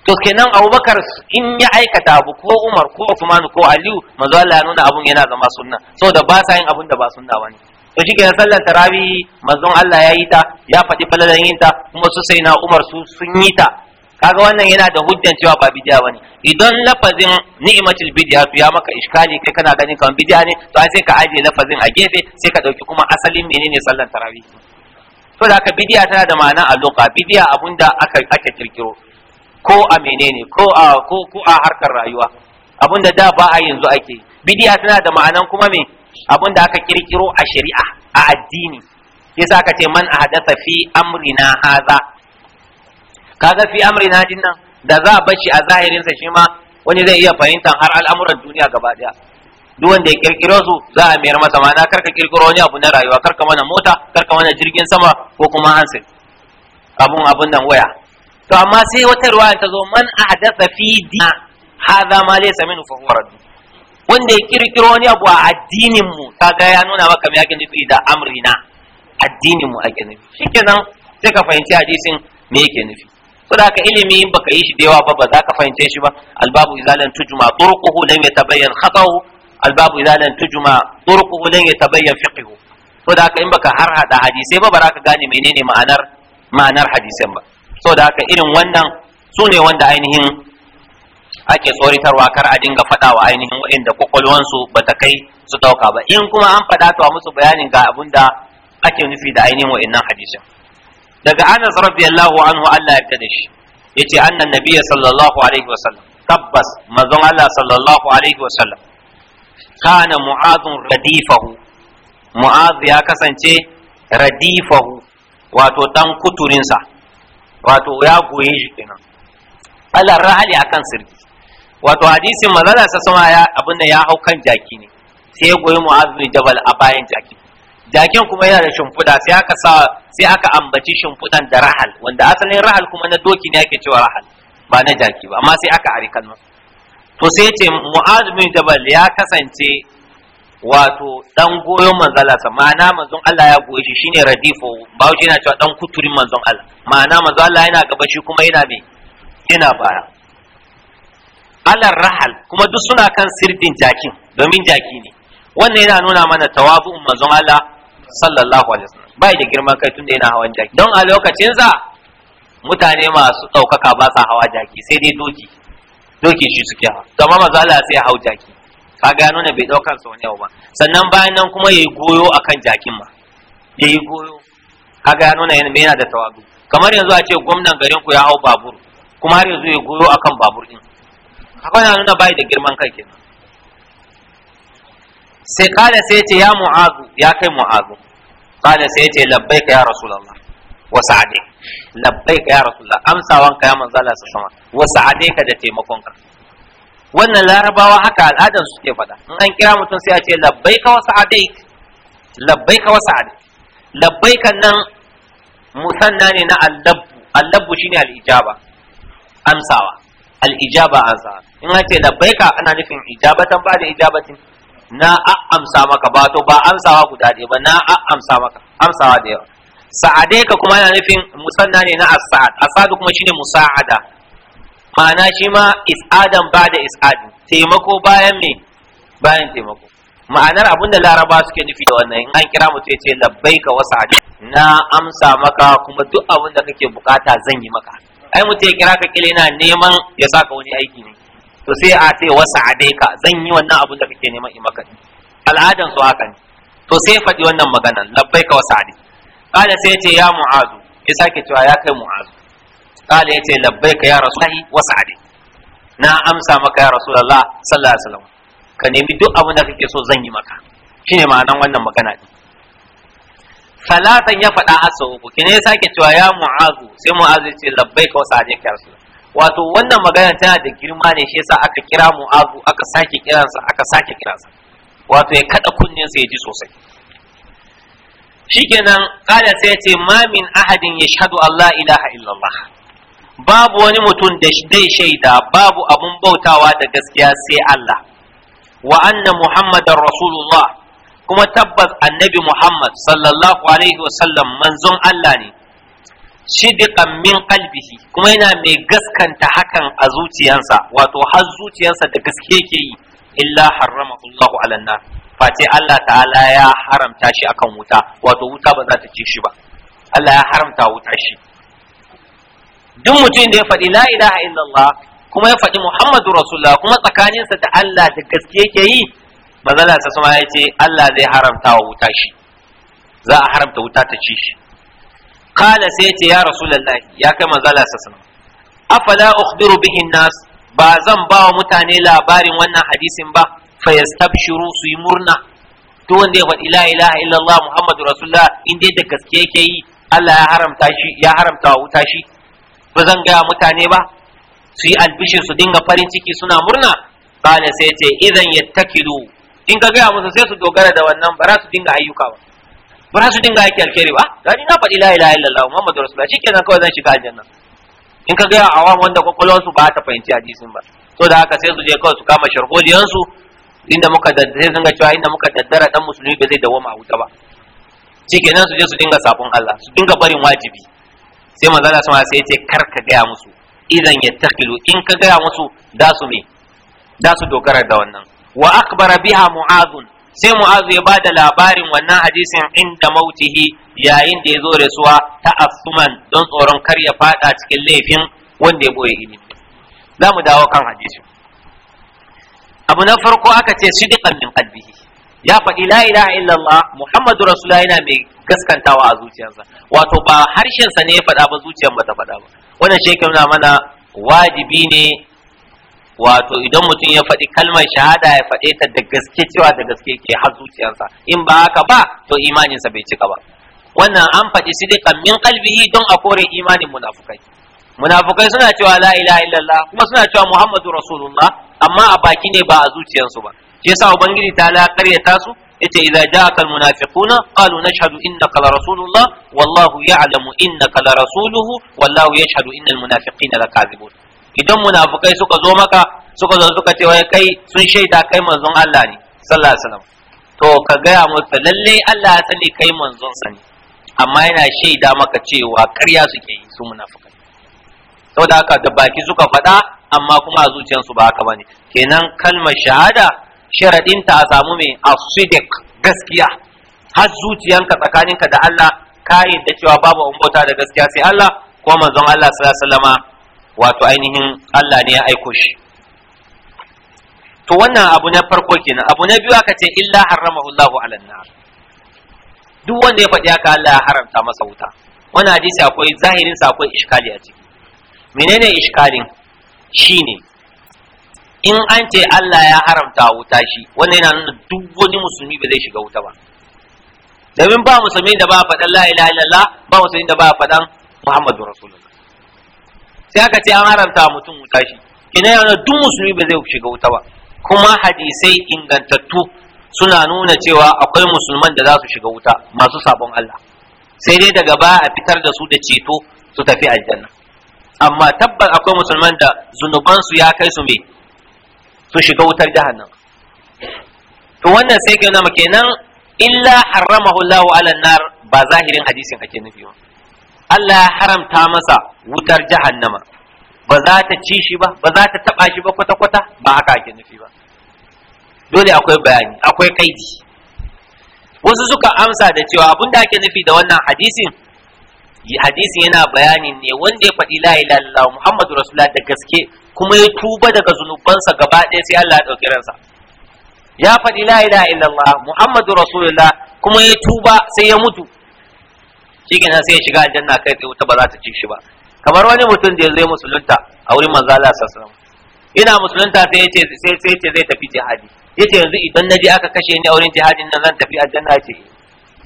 to kenan abubakar in ya aikata abu ko umar ko usman ko aliyu manzo Allah ya nuna abun yana zama sunna saboda ba sa yin abun da ba sunna bane to shi kenan sallar tarawih manzon Allah ya yi ta ya faɗi falalan yin ta kuma su sai na Umar su sun yi ta kaga wannan yana da hujjan cewa ba bidiya bane idan lafazin ni'matul bidiya to ya maka iskali kai kana ganin kamar bidiya ne to sai ka aje lafazin a gefe sai ka dauki kuma asalin menene sallar tarawih to da ka bidiya tana da ma'ana a loka bidiya abunda aka aka kirkiro ko a menene ko a ko ko a harkar rayuwa abunda da ba a yanzu ake bidiya tana da ma'anan kuma me abunda aka kirkiro a shari'a a addini yasa ka ce man ahdatha fi amrina hadha kaga fi amrina din nan da za a bashi a zahirin sa shi ma wani zai iya fahimtar har al'amuran duniya gaba daya duk wanda ya kirkiro su za a mayar masa ma'ana karka kirkiro wani abu na rayuwa karka mana mota karka mana jirgin sama ko kuma hansin abun abun nan waya to amma sai wata ruwa ta zo man ahdatha fi di hadha ma laysa minhu fa huwa radd wanda ya kirkiro wani abu a addinin mu kaga ya nuna maka me yake nufi da amrina addinin mu ake nufi shikenan sai ka fahimci hadisin me yake nufi saboda ka ilimi in baka yi shi da yawa ba ba za ka fahimce shi ba albabu izalan tujuma turquhu lam yatabayyan khatahu albabu izalan tujuma turquhu lam yatabayyan fiqhu saboda ka in baka har hada hadisai ba ba za ka gane menene ma'anar ma'anar hadisin ba saboda ka irin wannan sune ne wanda ainihin ake tsoritarwa kar a dinga faɗa wa ainihin waɗanda kwakwalwansu ba ta kai su ɗauka ba in kuma an faɗa ta musu bayanin ga abin da ake nufi da ainihin waɗannan hadisin daga Anas radiyallahu anhu Allah ya yarda da shi yace annan nabiyya sallallahu alaihi wasallam tabbas manzon Allah sallallahu alaihi wasallam kana mu'adun radifahu mu'ad ya kasance radifahu wato dan kuturinsa wato ya goye shi kenan alar rahali akan sirri wato hadisin manzon Allah sallallahu alaihi wasallam ya abin da ya hau kan jaki ne sai ya goyi mu'ad bin jabal a bayan jaki jakin kuma yana da shimfiɗa sai aka sa sai aka ambaci shimfiɗan da rahal wanda asalin rahal kuma na doki ne ake cewa rahal ba na jaki ba amma sai aka hari kalma to sai ce mu'az bin jabal ya kasance wato dan goyon manzala sa ma'ana manzon Allah ya goye shi shine radifo ba wuce yana cewa dan kuturin manzon Allah ma'ana manzon Allah yana gaba shi kuma yana me yana baya alar rahal kuma duk suna kan sirdin jakin domin jaki ne wannan yana nuna mana tawabu'un manzon Allah sallallahu alaihi wasallam bai da girman kai tunda yana hawan jaki don a lokacin sa mutane masu ɗaukaka ba sa hawa jaki sai dai doki doki shi suke hawa to amma manzo Allah sai ya hau jaki ka gano ne bai ɗaukan sa wani yau ba sannan bayan nan kuma yayi goyo akan jakin ma yayi goyo ka gano ne yana da tawadu kamar yanzu a ce gwamnan garin ku ya hau babur kuma har yanzu ya goyo akan babur din haka yana nuna bai da girman kai kenan sai kala sai ce ya mu'azu ya kai mu'azu qala sai yace labbaika ya rasulullah wa sa'ade labbaika ya rasulullah amsawanka ya manzo Allah sallallahu alaihi wasallam wa sa'adeka da taimakonka wannan larabawa haka al'adar su ke faɗa in an kira mutum sai a ce labbaika wa sa'adek labbaika wa sa'adek labbaika nan musanna ne na allabbu allabbu shine al-ijaba amsawa al-ijaba azza in an ce labbaika ana nufin ijabatan ba da ijabatin na amsa maka ba to ba amsawa guda ɗaya ba na amsa maka amsawa da yawa sa'adai ka kuma yana nufin musanna ne na as'ad as'ad kuma shine musa'ada ma'ana shi ma is'adan ba da is'adin taimako bayan me bayan taimako ma'anar abin da laraba suke nufi da wannan in an kira mutum ya ce labbai ka wasa hadis na amsa maka kuma duk abin da kake bukata zan yi maka ai mutum ya kira ka kila yana neman ya saka wani aiki ne to sai a ce wasa adeka zan yi wannan abin da kake neman imaka al'adan su haka ne to sai faɗi wannan magana, labbaika wasa adi kala sai ya ce ya mu'azu ya sake cewa ya kai mu'azu kala ya ce labbaika ya rasulahi wasa adi na amsa maka ya rasulullah sallallahu alaihi wasallam ka nemi duk abin da kake so zan yi maka shine ma'anan wannan magana din salatan ya faɗa asa Ki kine ya sake cewa ya mu'azu sai mu'azu ya ce labbaika wasa adi ya rasul wato wannan magana tana da girma ne shi yasa aka kira mu'azu aka sake kiransa aka sake kiransa wato ya kada kunnen sa ya ji sosai shikenan kada sai ya ce ma min ahadin yashhadu Allah ilaha illallah babu wani mutum da dai shaida babu abun bautawa da gaskiya sai Allah wa anna muhammadar rasulullah kuma tabbas annabi muhammad sallallahu alaihi wasallam manzon Allah ne shidiqan min qalbihi kuma yana mai gaskanta hakan a zuciyansa wato har zuciyansa da gaske ke yi illa haramahu Allah ala nar face Allah ta'ala ya haramta shi akan wuta wato wuta ba za ta ci shi ba Allah ya haramta wuta shi duk mutum da ya faɗi la ilaha illallah kuma ya faɗi Muhammadu Rasulullah kuma tsakaninsa da Allah da gaske yake yi manzala sa suma ya ce Allah zai haramta wa wuta shi za a haramta wuta ta ci shi kala sai ce ya rasulullahi ya kai manzala sassan afala ukhbiru bihin nas ba zan ba wa mutane labarin wannan hadisin ba fa yastabshiru su yi murna to wanda ya faɗi la ilaha illallah muhammadu rasulullah in dai da gaske yake yi Allah ya haramta wa wuta shi ba zan ga mutane ba su yi albishin su dinga farin ciki suna murna kala sai ce idan yattakilu in ka gaya musu sai su dogara da wannan ba za su dinga ayyuka ba ba za su dinga yake alkhairi ba gani na faɗi la ilaha illallah muhammadu rasulullah kenan kawai zan shiga aljanna in ka ga awam wanda kwakwalwar su ba ta fahimci hadisin ba to da haka sai su je kawai su kama sharholiyan su inda muka daddare sun ga cewa inda muka daddara dan musulmi ba zai dawoma a wuta ba kenan su je su dinga sabon Allah su dinga barin wajibi sai manzo Allah sama sai ya ce kar ka gaya musu idan yattaqilu in ka gaya musu da su me da su dogara da wannan wa akbara biha mu'adun sai mu'azu ya bada labarin wannan hadisin inda mautihi yayin da ya zo rasuwa ta asuman don tsoron kar ya fada cikin laifin wanda ya boye ilimi za mu dawo kan hadisi abu na farko aka ce sidiqan min qalbihi ya faɗi la ilaha illallah muhammadu rasulullah yana mai gaskantawa a zuciyarsa wato ba harshensa ne ya faɗa ba zuciyar ba ta faɗa ba wannan na mana wajibi ne wato idan mutum ya faɗi kalmar shahada ya faɗe ta da gaske cewa da gaske ke har zuciyarsa in ba haka ba to imaninsa bai cika ba wannan an faɗi sidiqan min qalbihi don a kore imanin munafukai munafukai suna cewa la ilaha illallah kuma suna cewa muhammadu rasulullah amma a baki ne ba a zuciyarsu ba shi yasa ubangiji ta la karyata su yace idza ja'aka almunafiquna qalu nashhadu innaka la rasulullah wallahu ya'lamu innaka la rasuluhu wallahu yashhadu innal munafiqina lakazibun idan munafukai suka zo maka suka zo suka ce wai kai sun shaida kai manzon Allah ne sallallahu alaihi wasallam to ka gaya musu lalle Allah ya sani kai manzon sa ne amma yana shaida maka cewa ƙarya suke yi su munafukai saboda haka da baki suka faɗa amma kuma a zuciyarsu ba haka bane kenan kalmar shahada sharadin ta samu mai asidik gaskiya har zuciyanka tsakaninka da Allah ka yadda cewa babu umbota da gaskiya sai Allah ko manzon Allah sallallahu alaihi wasallama wato ainihin Allah ne ya aiko shi to wannan abu na farko kenan abu na biyu aka ce illa haramahu Allahu ala nar duk wanda ya faɗi aka Allah ya haramta masa wuta wannan hadisi akwai zahirin sa akwai iskali a ciki menene iskalin shine in an ce Allah ya haramta wuta shi wannan yana nuna duk wani musulmi ba zai shiga wuta ba domin ba musulmi da ba faɗan la ilaha illallah ba musulmi da ba faɗan Muhammadu Rasulullah sai aka ce an haramta mutum wuta shi kina yana duk musulmi ba zai shiga wuta ba kuma hadisai ingantattu suna nuna cewa akwai musulman da za su shiga wuta masu sabon Allah sai dai daga baya a fitar da su da ceto su tafi aljanna amma tabbas akwai musulman da zunuban su ya kai su me su shiga wutar jahannam to wannan sai ke nuna kenan illa haramahu Allahu ala nar ba zahirin hadisin ake nufi ba Allah ya haramta masa wutar jahannama ba za ta ci shi ba ba za ta taba shi ba kwata-kwata ba haka ake nufi ba dole akwai bayani akwai kaidi wasu suka amsa da cewa abin da ake nufi da wannan hadisin hadisin yana bayani ne wanda ya faɗi la ilaha muhammadu rasulullah da gaske kuma ya tuba daga zunubansa gaba ɗaya sai Allah ya ɗauki ransa ya faɗi la ilaha illallah muhammadu rasulullah kuma ya tuba sai ya mutu shi kenan sai ya shiga aljanna kai tsaye wuta ba za ta ci shi ba kamar wani mutum da ya zai musulunta a wurin manzo Allah sallallahu alaihi ina musulunta sai ya ce sai sai ce zai tafi jihadi yace yanzu idan naji aka kashe ni a wurin jihadin nan zan tafi aljanna ce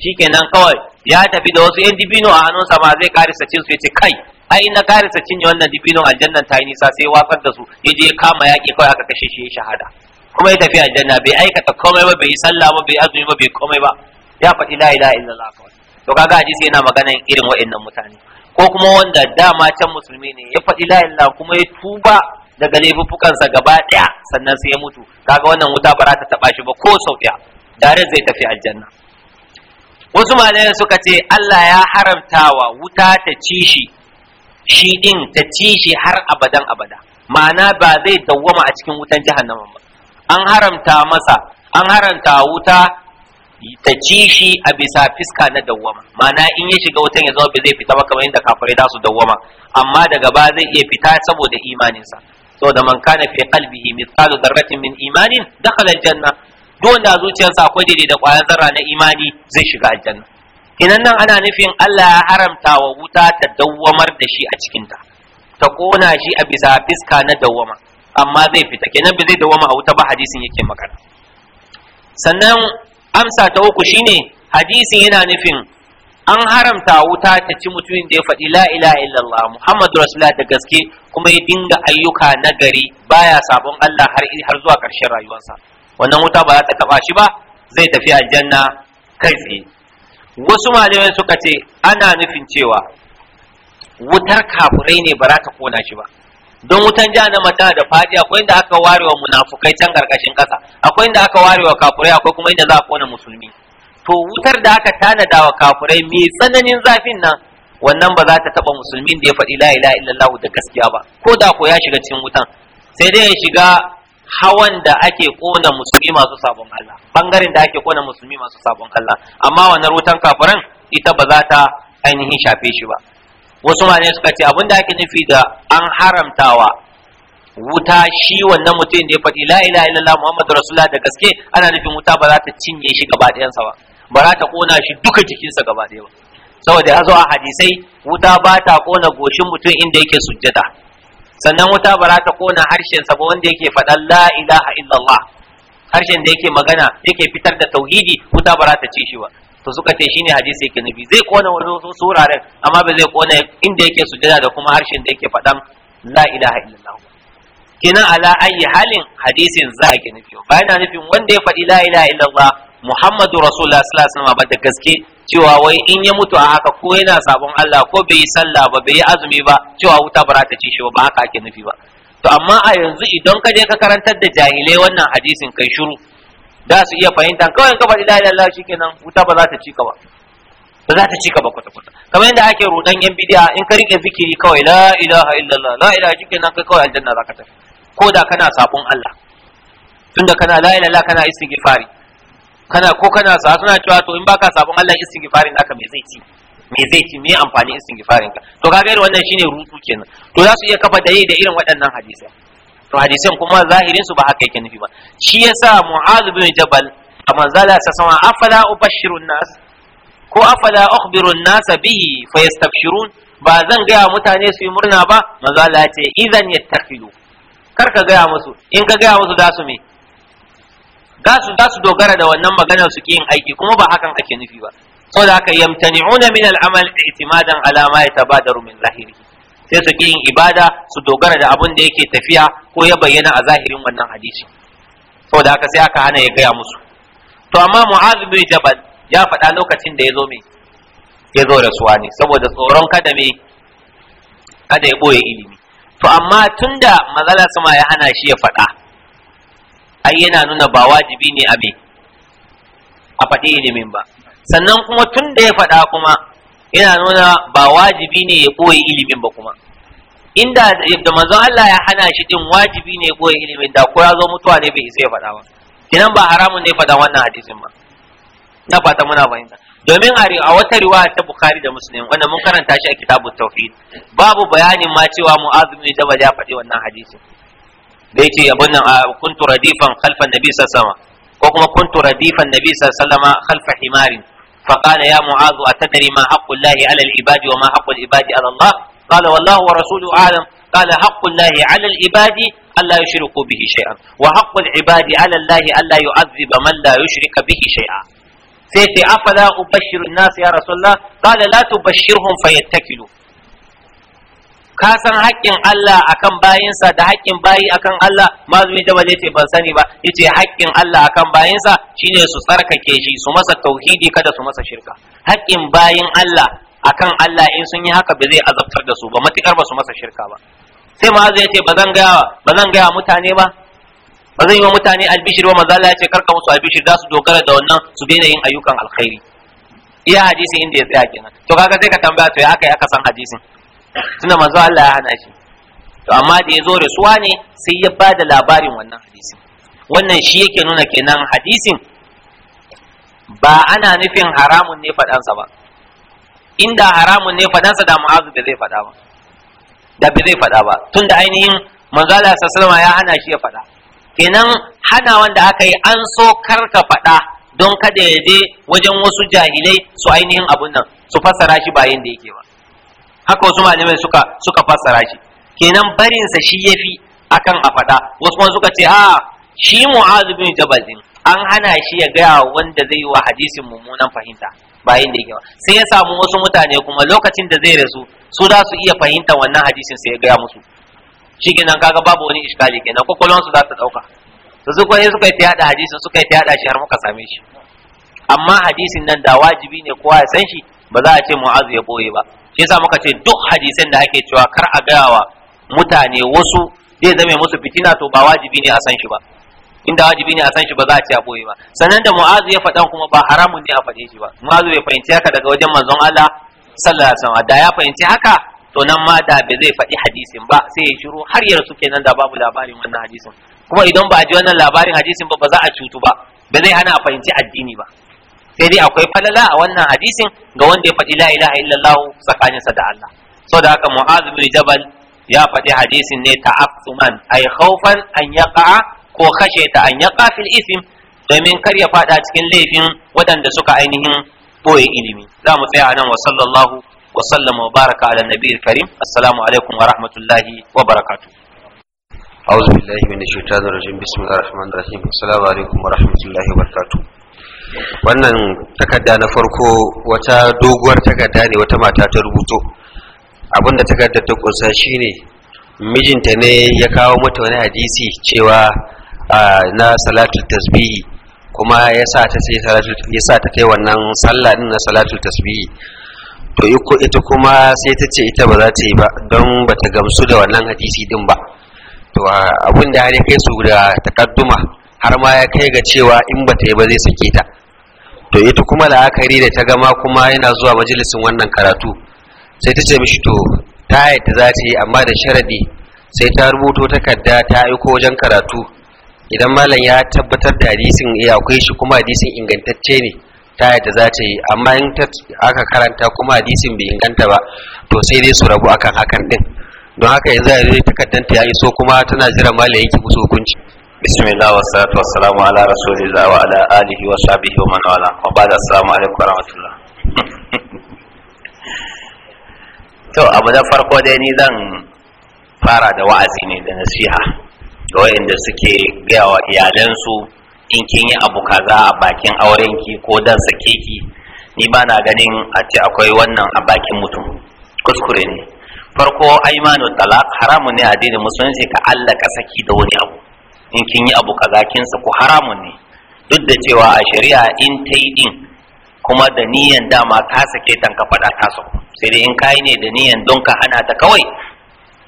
shikenan kawai ya tafi da wasu yan dibino a hannunsa ma zai karisa cin su yace kai ai na karisa cinye wannan dibinon aljannan ta yi nisa sai watsar da su yaje ya kama yaƙi kawai aka kashe shi ya shahada kuma ya tafi aljanna bai aikata komai ba bai yi sallah ba bai azumi ba bai komai ba ya faɗi la ilaha illallah kawai to kaga hadisi yana magana irin wa'annan mutane ko kuma wanda dama can musulmi ne ya faɗi la ilaha kuma ya tuba daga laifuffukansa gaba ɗaya sannan sai ya mutu kaga wannan wuta ba za ta taba shi ba ko sau ɗaya dare zai tafi aljanna wasu malayan suka ce Allah ya haramtawa wuta ta ci shi shi din ta ci shi har abadan abada ma'ana ba zai dawwama a cikin wutan jahannama ba an haramta masa an haramta wuta ta ci shi a bisa fiska na dawwama ma'ana in ya shiga wutan ya zama ba zai fita ba kamar yadda kafirai za su dawwama amma daga ba zai iya fita saboda imaninsa saboda man kana fi qalbihi mithqalu dharratin min imanin dakhala aljanna duk wanda zuciyarsa akwai daidai da ƙwayar zarra na imani zai shiga aljanna kinan nan ana nufin Allah ya haramta wa wuta ta dawwamar da shi a cikinta ta kona shi a bisa fiska na dawwama amma zai fita kenan ba zai dawwama a wuta ba hadisin yake magana sannan amsa ta uku shine hadisin yana nufin an haramta wuta ta ci mutumin da ya faɗi la ilaha illallah muhammadu rasulullah da gaske kuma ya dinga ayyuka na gari baya sabon Allah har har zuwa ƙarshen rayuwarsa wannan wuta ba za ta taɓa shi ba zai tafi aljanna kai tsaye wasu malamai suka ce ana nufin cewa wutar kafurai ne ba za ta kona shi ba don wutan na mata da fadi akwai inda aka ware wa munafukai can karkashin kasa akwai inda aka ware wa kafurai akwai kuma inda za a kona musulmi to wutar da aka tanada wa kafurai mai tsananin zafin nan wannan ba za ta taba musulmin da ya faɗi la ilaha illallah da gaskiya ba ko da ko ya shiga cikin wutan sai dai ya shiga hawan da ake kona musulmi masu sabon Allah bangaren da ake kona musulmi masu sabon Allah amma wannan wutan kafuran ita ba za ta ainihin shafe shi ba wasu ma ne suka ce abin da ake nufi da an haramtawa wuta shi wannan mutum da ya faɗi la ilaha illallah muhammadu rasulullah da gaske ana nufin wuta ba za ta cinye shi gaba ɗayansa ba ba za ta kona shi duka jikinsa gaba ɗaya ba saboda ya zo a hadisai wuta ba ta kona goshin mutum inda yake sujjada sannan wuta ba za ta kona harshensa ba wanda yake faɗan la ilaha illallah harshen da yake magana yake fitar da tauhidi wuta ba za ta ci shi ba to suka ce shine hadisi yake nufi zai kona wani wasu suraren. amma ba zai kona inda yake sujada da kuma harshen da yake faɗan la ilaha illallah kina ala ayi halin hadisin za a ke nufi ba yana nufin wanda ya faɗi la ilaha illallah muhammadu rasulullah sallallahu alaihi wasallam ba da gaske cewa wai in ya mutu a haka ko yana sabon Allah ko bai yi sallah ba bai yi azumi ba cewa wuta ba ta ci shi ba haka ake nufi ba to amma a yanzu idan ka je ka karantar da jahilai wannan hadisin kai shiru da su iya fahimta kawai ka faɗi la Allah illallah shikenan wuta ba za ta ci ba ba za ta ci ba kwata kwata kamar yadda ake rudan yan bidiya in ka rike zikiri kawai la ilaha illallah la ilaha shikenan kai kawai aljanna za ka tafi ko da kana sabon Allah tunda kana la ilaha kana istighfari kana ko kana sa suna cewa to in baka sabon Allah istighfarin naka me zai ci me zai ci me amfani istighfarin ka to kaga irin wannan shine rutu kenan to za su iya kafa da da irin waɗannan hadisai to hadisin kuma zahirin su ba haka yake nufi ba shi yasa mu'az bin jabal a manzala sa sama afala ubashirun nas ko afala ukhbirun nas bihi fayastabshirun ba zan gaya mutane su yi murna ba manzala ce idan yattaqilu kar ka gaya musu in ka gaya musu za su me za su su dogara da wannan maganar su yin aiki kuma ba hakan ake nufi ba saboda haka yamtani'una min al-amal i'timadan ala ma yatabadaru min zahirihi sai su yin ibada su dogara da abin da yake tafiya ko ya bayyana a zahirin wannan hadisi saboda haka sai aka hana ya gaya musu to amma mu'az bin jabal ya faɗa lokacin da ya zo mai ya zo rasuwa ne saboda tsoron kada mai kada ya boye ilimi to amma tunda mazala sama ya hana shi ya faɗa ai yana nuna ba wajibi ne a a faɗi ilimin ba sannan kuma tunda ya faɗa kuma Ina nuna ba wajibi ne ya koyi ilimin ba kuma inda da manzon Allah ya hana shi din wajibi ne koyi ilimin da ko ya zo mutuwa ne bai isa ya faɗa ba kinan ba haramun ne faɗa wannan hadisin ba na fata muna fahimta domin a wata riwaya ta Bukhari da Muslim wanda mun karanta shi a kitabut tawhid babu bayanin ma cewa Mu'adh bin Jabal ya faɗi wannan hadisin da yace abun nan kuntu radifan khalfan nabi sallallahu alaihi wasallam ko kuma kuntu radifan nabi sallallahu alaihi wasallam khalfa himarin فقال يا معاذ أتدري ما حق الله على العباد وما حق العباد على الله قال والله ورسوله أعلم قال حق الله على العباد ألا يشركوا به شيئا وحق العباد على الله ألا يعذب من لا يشرك به شيئا سيتي أفلا أبشر الناس يا رسول الله قال لا تبشرهم فيتكلوا ka san haƙƙin Allah akan bayinsa da haƙƙin bayi akan Allah mazumi jabal ce ban sani ba yace haƙƙin Allah akan bayinsa shine su tsarkake shi su masa tauhidi kada su masa shirka haƙƙin bayin Allah akan Allah in sun yi haka ba zai azabtar da su ba matukar ba su masa shirka ba sai ma zai ce ba zan gaya mutane ba ba zan yi wa mutane albishir ba manzo Allah ya ce karka musu albishir za su dogara da wannan su daina yin ayyukan alkhairi iya hadisi inda ya tsaya kenan to kaga sai ka tambaya to ya aka yi aka san hadisin tunda manzo Allah ya hana shi to amma da ya zo rasuwa ne sai ya bada labarin wannan hadisi. wannan shi yake nuna kenan hadisin ba ana nufin haramun ne faɗansa ba inda haramun ne faɗansa da mu'azu da zai faɗa ba da bai zai faɗa ba tunda ainihin manzo Allah sallallahu alaihi ya hana shi ya faɗa kenan hana wanda aka yi an so karka faɗa don kada ya je wajen wasu jahilai su ainihin abun nan su fassara shi ba da yake ba haka wasu malamai suka suka fassara shi kenan barin sa shi yafi akan a faɗa wasu kuma suka ce a shi mu'azu bin jabal din an hana shi ya gaya wanda zai yi wa hadisin mummunan fahimta bayan da yake sai ya samu wasu mutane kuma lokacin da zai rasu su za su iya fahimta wannan hadisin sai ya gaya musu shi kenan kaga babu wani iskali kenan kwakwalwan su za ta dauka to su kwaye suka yi ta yada hadisin suka ta yada shi har muka same shi amma hadisin nan da wajibi ne kowa ya san shi ba za a ce mu'azu ya boye ba shi yasa muka ce duk hadisan da ake cewa kar a wa mutane wasu zai zame musu fitina to ba wajibi ne a san shi ba inda wajibi ne a san shi ba za a ce a boye ba sannan da mu'azu ya faɗan kuma ba haramun ne a faɗe shi ba mu'azu bai fahimci haka daga wajen manzon Allah sallallahu alaihi wasallam da ya fahimci haka to nan ma da bai zai faɗi hadisin ba sai ya shiru har ya rasu kenan da babu labarin wannan hadisin kuma idan ba a ji wannan labarin hadisin ba ba za a cutu ba ba zai hana a fahimci addini ba sai dai akwai falala a wannan hadisin ga wanda ya faɗi la ilaha illallah tsakaninsa da Allah saboda haka mu'az bin jabal ya faɗi hadisin ne ta'assuman ay khawfan an yaqa ko ta an yaqa fil ism domin kar ya fada cikin laifin waɗanda suka ainihin boye ilimi za mu tsaya nan wa sallallahu wa sallama wa baraka ala nabiyil karim assalamu alaikum wa rahmatullahi wa barakatuh أعوذ بالله من الشيطان الرجيم بسم الله الرحمن الرحيم السلام عليكم ورحمة الله وبركاته wannan takarda na farko wata doguwar takarda ne wata mata ta rubuto abinda takardar ta kunsa shine mijinta ne ya kawo mata wani hadisi cewa na salatul tasbihi kuma ya sa ta salatul yasa ta kai wannan sallah din na salatul tasbihi to ita kuma sai ta ce ita ba za ta yi ba don ba ta gamsu da wannan hadisi din ba to abin da ya kai su da takadduma har ma ya kai ga cewa in ba ta yi ba zai sake ta to ita kuma la'akari da ta gama kuma yana zuwa majalisin wannan karatu sai ta ce mishi to ta yadda za ta yi amma da sharadi sai ta rubuto takarda ta aiko wajen karatu idan malam ya tabbatar da hadisin ya eh, akwai shi kuma hadisin ingantacce ne ta yadda za ta yi amma in ta aka karanta kuma hadisin bai inganta ba to sai dai su rabu akan hakan din don haka yanzu a takardanta ya iso kuma tana jira malam yanke musu hukunci بسم الله والصلاة والسلام على رسول الله وعلى آله وصحبه ومن والاه وبعد السلام عليكم ورحمة الله to abu da farko dai ni zan fara da wa'azi ne da nasiha ga wa'inda suke gaya wa iyalansu in kin yi abu kaza a bakin aurenki ko dan sake ki ni ba na ganin a ce akwai wannan a bakin mutum kuskure ne farko aimanu talak haramun ne addinin musulunci ka allaka saki da wani abu in kin yi abu kaza kin ku haramun ne duk da cewa a shari'a in ta yi din kuma da niyan dama ka sake tan ka faɗa ta su sai dai in ka yi ne da niyan don ka hana ta kawai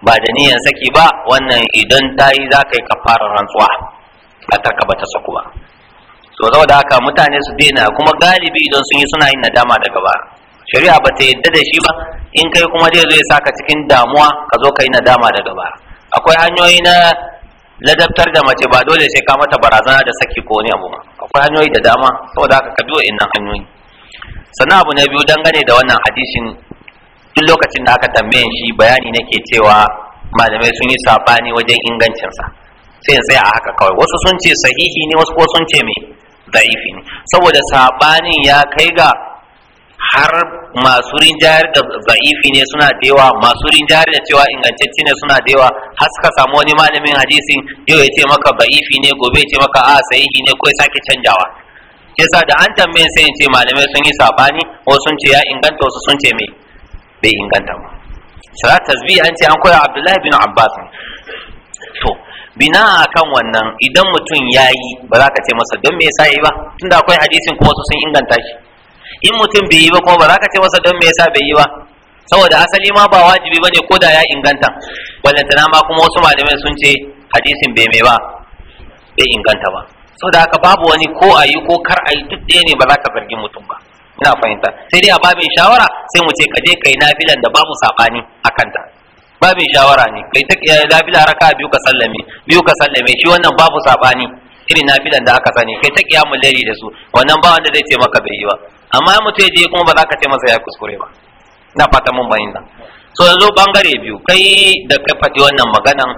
ba da niyan saki ba wannan idan ta yi za ka yi fara rantsuwa a tarka ba ta saku ba so saboda haka mutane su daina kuma galibi idan sun yi suna yin nadama daga ba shari'a ba ta yadda da shi ba in kai kuma zai zo ya saka cikin damuwa ka zo ka yi nadama daga ba akwai hanyoyi na ladabtar da mace ba dole sai ka mata barazana da saki ko wani abu ba akwai hanyoyi da dama saboda haka ka duwa innan hanyoyi sannan abu na biyu dangane da wannan hadisin duk lokacin da aka tambaye shi bayani nake cewa malamai sun yi sabani wajen ingancinsa sai in tsaya a haka kawai wasu sun ce sahihi ne wasu ko sun ce me da'ifi ne saboda saɓanin ya kai ga har masu rinjayar da za'ifi ne suna da yawa masu rinjayar da cewa ingantacce ne suna da yawa har suka samu wani malamin hadisin yau ya ce maka za'ifi ne gobe ya ce maka a sahihi ne ko ya sake canjawa yasa da an tambayin sai in ce malamai sun yi sabani wasu sun ce ya inganta wasu sun ce me bai inganta ba sara tasbi an ce an koya Abdullahi bin Abbas to bina akan wannan idan mutum yayi ba za ka ce masa don me yasa yi ba tunda akwai hadisin kuma wasu sun inganta shi in mutum bai yi ba kuma ba za ka ce masa don me yasa bai yi ba saboda asali ma ba wajibi bane ko da ya inganta wallantana ma kuma wasu malamai sun ce hadisin bai mai ba bai inganta ba saboda haka babu wani ko a yi ko kar a yi duk ɗaya ne ba za ka zargi mutum ba ina fahimta sai dai a babin shawara sai mu ce ka je kai nafilan da babu sabani a kanta babin shawara ne kai ta eh, nafila raka biyu ka sallame biyu ka sallame shi wannan babu sabani irin nafilan da aka sani kai ta kiyamul laili da su wannan ba wanda zai ce maka bai yi ba amma mutum je kuma ba za ka ce masa ya kuskure ba na fata mun bayin nan so yanzu bangare biyu kai da kai fati wannan maganan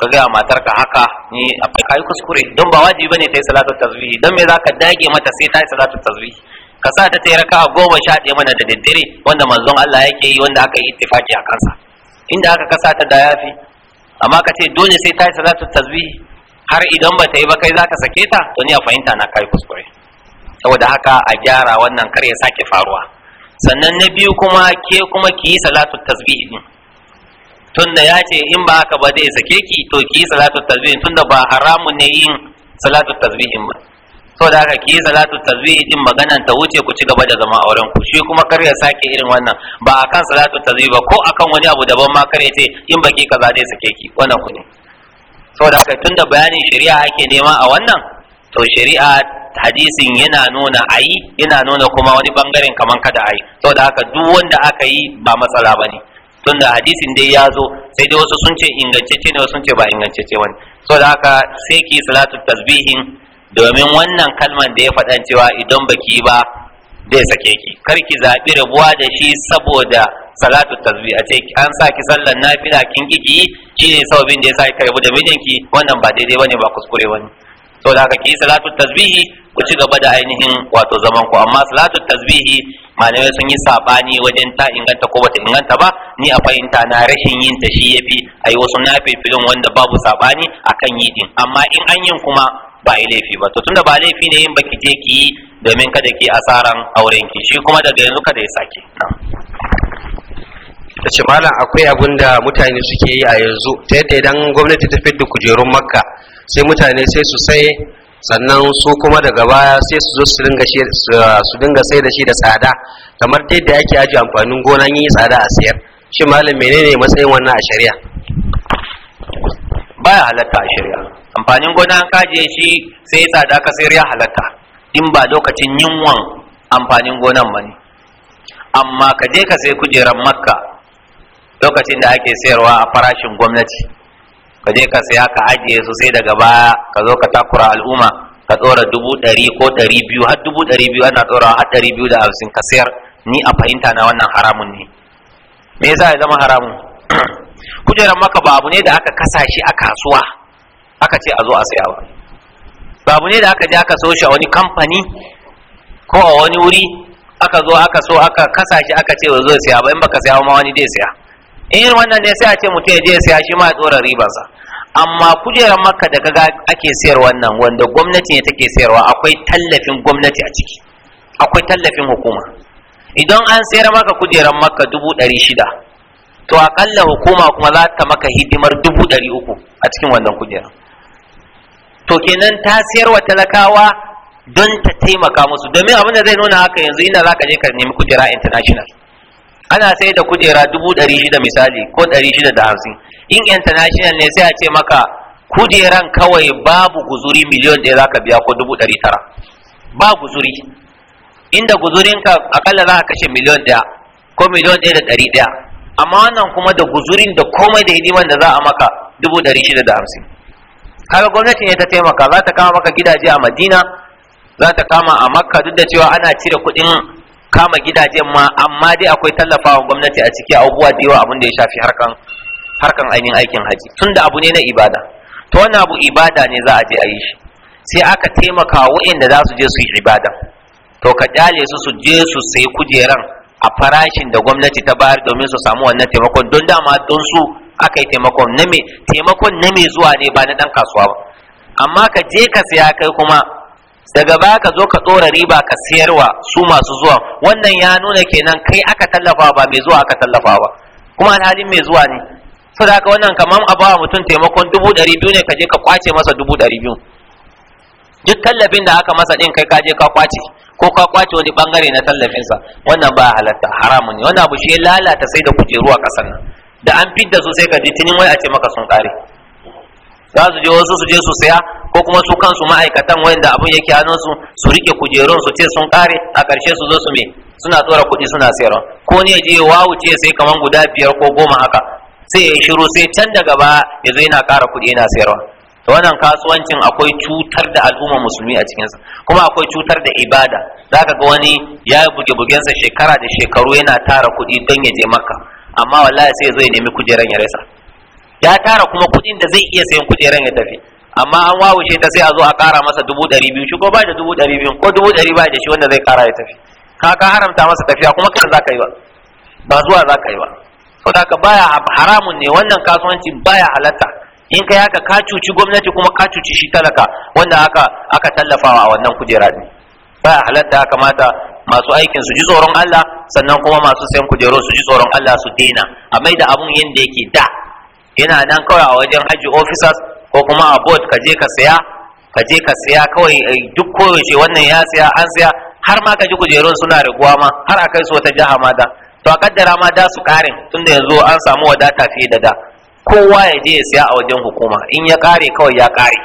ka ga ka haka ni a kai kuskure don ba wajibi bane ta yi salatu tasbihi don me za ka dage mata sai ta yi salatu tasbihi ka sa ta tayi raka'a goma sha ɗaya mana da daddare wanda manzon Allah yake yi wanda aka yi ittifaki a kansa inda aka kasa ta da yafi amma ka ce dole sai ta yi salatu tasbihi har idan ba ta yi ba kai za ka sake ta to ni a fahimta na kai kuskure saboda haka a gyara wannan kar ya sake faruwa sannan na biyu kuma ke kuma ki yi salatu tasbihi din tunda ya ce in ba haka ba zai sake ki to ki yi salatu tasbihi tunda ba haramun ne yin salatu tasbihin ba saboda haka ki yi salatu tasbihi din maganan ta wuce ku ci gaba da zama auren ku shi kuma kar ya sake irin wannan ba akan salatu tasbihi ba ko akan wani abu daban ma kar ya ce in ba ki kaza zai sake ki wannan ku ne saboda haka da bayanin shari'a ake nema a wannan to shari'a hadisin yana nuna ayi yana nuna kuma wani bangaren kaman kada ayi saboda haka duk wanda aka yi ba matsala bane da hadisin dai ya zo sai dai wasu sun ce ce ne wasu sun ce ba ingantacce bane saboda haka sai ki salatu tasbihin domin wannan kalman da ya faɗan cewa idan baki ba zai sake ki kar ki zaɓi rabuwa da shi saboda salatu tasbih a ce an sa ki sallar nafila kin kiki ne sababin da ya sa rabu da mijinki wannan ba daidai bane ba kuskure bane da haka ki salatu tasbihi ku ci gaba da ainihin wato zaman ku amma salatu tasbihi malamai sun yi sabani wajen ta inganta ko bata inganta ba ni a fahimta na rashin yin ta shi yafi ayi wasu filin wanda babu sabani akan yi din amma in an yin kuma ba yi laifi ba to tunda ba laifi ne yin baki je ki yi domin kada ki asaran auren ki shi kuma daga yanzu kada ya sake ta ce malam akwai abin da mutane suke yi a yanzu ta yadda idan gwamnati ta fidda kujerun makka sai mutane sai su sai sannan su kuma daga baya sai su zo su dinga sai da shi da tsada kamar ta yadda ake ajiye amfanin gona yi tsada a sayar shi malam menene matsayin wannan a shari'a baya halatta a shari'a amfanin gona an kaje shi sai tsada ka sayar ya halatta in ba lokacin yunwan amfanin gonan ba ne amma ka je ka sai kujerar makka lokacin da ake sayarwa a farashin gwamnati ka je ka saya ka ajiye su sai daga baya ka zo ka takura al'umma ka tsora dubu ɗari ko ɗari biyu har dubu ɗari biyu ana tsora har ɗari biyu da hamsin ka sayar ni a fahimta na wannan haramun ne me yasa ya zama haramun kujerar maka ba abu ne da aka kasa shi a kasuwa aka ce a zo a saya ba ba abu ne da aka je aka so shi a wani kamfani ko a wani wuri aka zo aka so aka kasa shi aka ce zo saya ba in baka saya ma wani zai saya in wannan ne sai a ce mutum ya je saya shi ma ya tsora ribarsa amma kujerar makka da kaga ake sayar wannan wanda gwamnati ne take sayarwa akwai tallafin gwamnati a ciki akwai tallafin hukuma idan an sayar maka kujerar makka dubu ɗari shida to akalla hukuma kuma za ta maka hidimar dubu ɗari uku a cikin wannan kujerar to kenan ta wa talakawa don ta taimaka musu domin abin da zai nuna haka yanzu ina za ka je ka nemi kujera international ana sai da kujera dubu ɗari shida misali ko ɗari shida da hamsin in international ne sai a ce maka kujeran kawai babu guzuri miliyon ɗaya za ka biya ko dubu ɗari tara ba guzuri inda guzurinka akalla za ka kashe miliyon ɗaya ko miliyon ɗaya da ɗari ɗaya amma wannan kuma da guzurin da komai da hidiman da za a maka dubu ɗari shida da hamsin kaga gwamnati ne ta taimaka za ta kama maka gidaje a madina za ta kama a makka duk da cewa ana cire kuɗin kama gidajen ma amma dai akwai tallafawa gwamnati a ciki abubuwa da yawa abin da ya shafi harkan harkan ainihin aikin haji tunda abu ne na ibada to wannan abu ibada ne za a je a yi shi sai aka taimaka waɗanda za su je su yi ibada to ka kyale su su je su sayi kujeran a farashin da gwamnati ta bayar domin su samu wannan taimakon don dama don su aka yi taimakon na me taimakon na me zuwa ne ba na dan kasuwa ba amma ka je ka saya kai kuma daga baya ka zo ka ɗora riba ka siyarwa su masu zuwa wannan ya nuna kenan kai aka tallafa ba mai zuwa aka tallafa ba kuma alhalin mai zuwa ne saboda wannan kamar a bawa mutum taimakon dubu ɗari biyu ne ka je ka kwace masa dubu ɗari biyu duk tallafin da aka masa ɗin kai ka je ka kwace ko ka kwace wani bangare na tallafinsa wannan ba halatta haramun ne wannan abu shi ya lalata sai da kujeru a ƙasar nan da an fidda su sai ka ji tinin wai a ce maka sun ƙare za su je wasu su je su saya ko kuma su kansu ma'aikatan wanda abun yake hannun su su rike kujerun su ce sun kare a karshe su zo su me suna tsora kuɗi suna sayarwa ko ne je wawu ce sai kaman guda biyar ko goma haka sai ya shiru sai can da gaba ya zo yana ƙara kuɗi yana sayarwa to wannan kasuwancin akwai cutar da al'umma musulmi a cikinsa kuma akwai cutar da ibada zaka ga wani ya buge bugensa shekara da shekaru yana tara kuɗi don ya je makka amma wallahi sai ya zo ya nemi kujeran ya rasa ya tara kuma kuɗin da zai iya sayan kujeran ya tafi amma an wawushe ta sai a zo a kara masa dubu ɗari biyu shi ko ba da dubu ɗari biyu ko dubu ɗari ba da shi wanda zai ƙara ya tafi ka ka haramta masa tafiya kuma kan za ka yi ba ba zuwa za ka yi ba saboda ka baya haramun ne wannan kasuwanci baya halatta in kai haka ka cuci gwamnati kuma ka cuci shi talaka wanda aka aka tallafawa a wannan kujera ne baya halatta ya kamata masu aikin su ji tsoron Allah sannan kuma masu sayan kujeru su ji tsoron Allah su daina a maida abun yanda yake da yana nan kawai a wajen hajji officers ko kuma a board ka je ka saya ka je ka saya kawai eh, duk koyaushe wannan ya saya an saya har ma ka ji kujerun suna raguwa ma har a kai su wata jiha ma da to a kaddara ma da su karin tunda yanzu an samu wadata fiye da da kowa ya je ya saya a wajen hukuma in ya kare kawai ya kare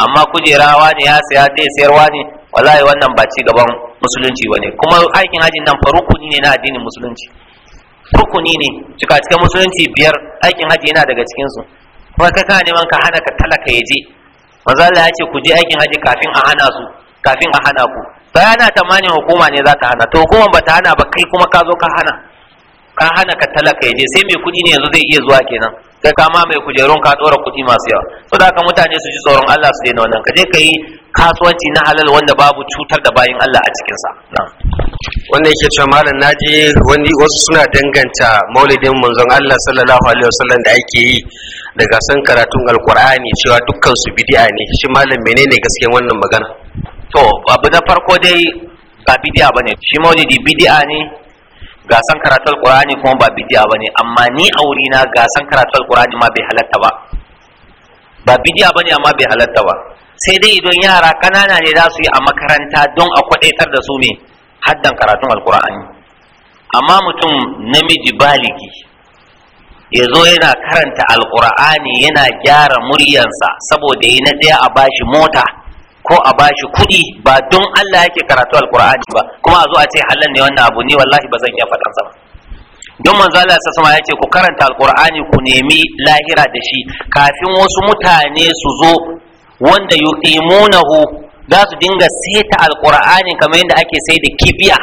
amma kujerawa ne ya saya dai sayarwa ne wallahi wannan ba ci gaban musulunci bane kuma aikin hajin nan farukuni ne na addinin musulunci rukuni ne cika cikin musulunci biyar aikin haji yana daga cikin su kuma ka kana neman ka hana ka talaka ya manzo Allah ya ce ku je aikin haji kafin a hana su kafin a hana ku sai ana tamanin hukuma ne za ta hana to hukuman ba ta hana ba kai kuma ka zo ka hana ka hana ka talaka ya sai mai kuɗi ne yanzu zai iya zuwa kenan kai ka ma mai kujerun ka tsora kuɗi masu yawa saboda ka mutane su ji tsoron Allah su daina wannan ka je ka yi kasuwanci na halal wanda babu cutar da bayin Allah a cikinsa na'am wanda yake cewa malam naji wani wasu suna danganta maulidin manzon Allah sallallahu alaihi wasallam da ake yi da san karatun alqur'ani cewa dukkan su bid'a ne shi malam menene gaskiyar wannan magana to abu na farko dai ba bid'a bane shi maulidi bid'a ne san karatun alqur'ani kuma ba bid'a bane amma ni a wurina san karatun alqur'ani ma bai halatta ba ba bid'a bane amma bai halatta ba sai dai idan yara kanana ne za su yi a makaranta don a kwadaitar da su ne. haddan karatun alkur'ani amma mutum namiji baligi ya zo yana karanta alkur'ani yana gyara muryansa saboda yi na ɗaya a bashi mota ko a bashi kuɗi ba don Allah yake karatu alkur'ani ba kuma a zo a ce hallan ne wannan abu ne? wallahi ba zan iya faɗan sa don manzo Allah ya sama ya ce ku karanta alkur'ani ku nemi lahira da shi kafin wasu mutane su zo wanda yuqimunahu za su dinga saita alqur'ani kamar yadda ake sai da kibiya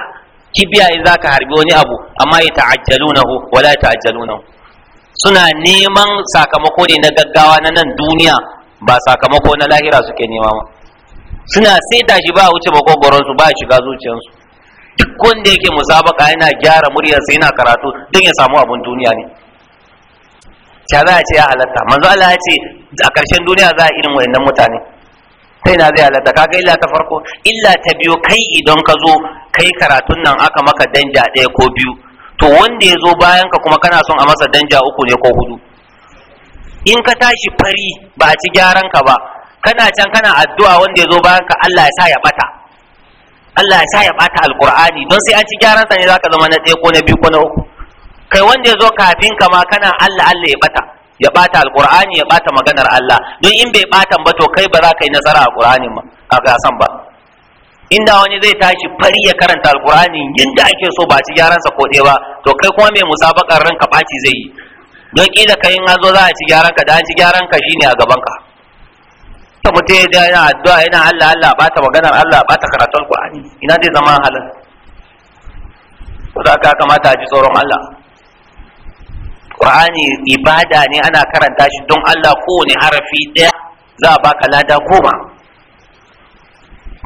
kibiya in zaka harbi wani abu amma ya ta'ajjalunahu wala ta'ajjalunahu suna neman sakamako ne na gaggawa na nan duniya ba sakamako na lahira suke nema ba suna saita shi ba wuce makogoronsu ba shiga zuciyarsu duk wanda yake musabaka yana gyara sai yana karatu don ya samu abun duniya ne ta za a ce ya halatta manzo Allah ya ce a karshen duniya za a irin wayannan mutane Sai na zai halatta kaga illa ta farko illa ta biyo kai idan ka zo kai karatun nan aka maka danja ɗaya ko biyu to wanda ya zo bayan ka kuma kana son a masa danja uku ne ko hudu in ka tashi fari ba a ci gyaran ka ba kana can kana addu'a wanda ya zo bayan ka Allah ya sa ya bata Allah ya sa ya bata alqur'ani don sai an ci gyaran sa ne zaka zama na ɗaya ko na biyu ko na uku kai wanda ya zo kafin ka ma kana Allah Allah ya bata ya bata alqur'ani ya bata maganar Allah don in bai batan ba to kai ba za ka yi nasara a qur'anin ba a gasan ba inda wani zai tashi fari ya karanta alqur'ani inda ake so ba ci gyaran sa ko ba to kai kuma mai musabakar ranka baci zai yi don kila kai in an zo za a ci gyaran ka da an ci gyaran ka shine a gaban ka ta mutum ya yana addu'a yana Allah Allah bata maganar Allah bata karatun alqur'ani ina zai zama halal Ko da ka kamata a ji tsoron Allah qur'ani ibada ne ana karanta shi don Allah kowane harafi ɗaya za a baka lada goma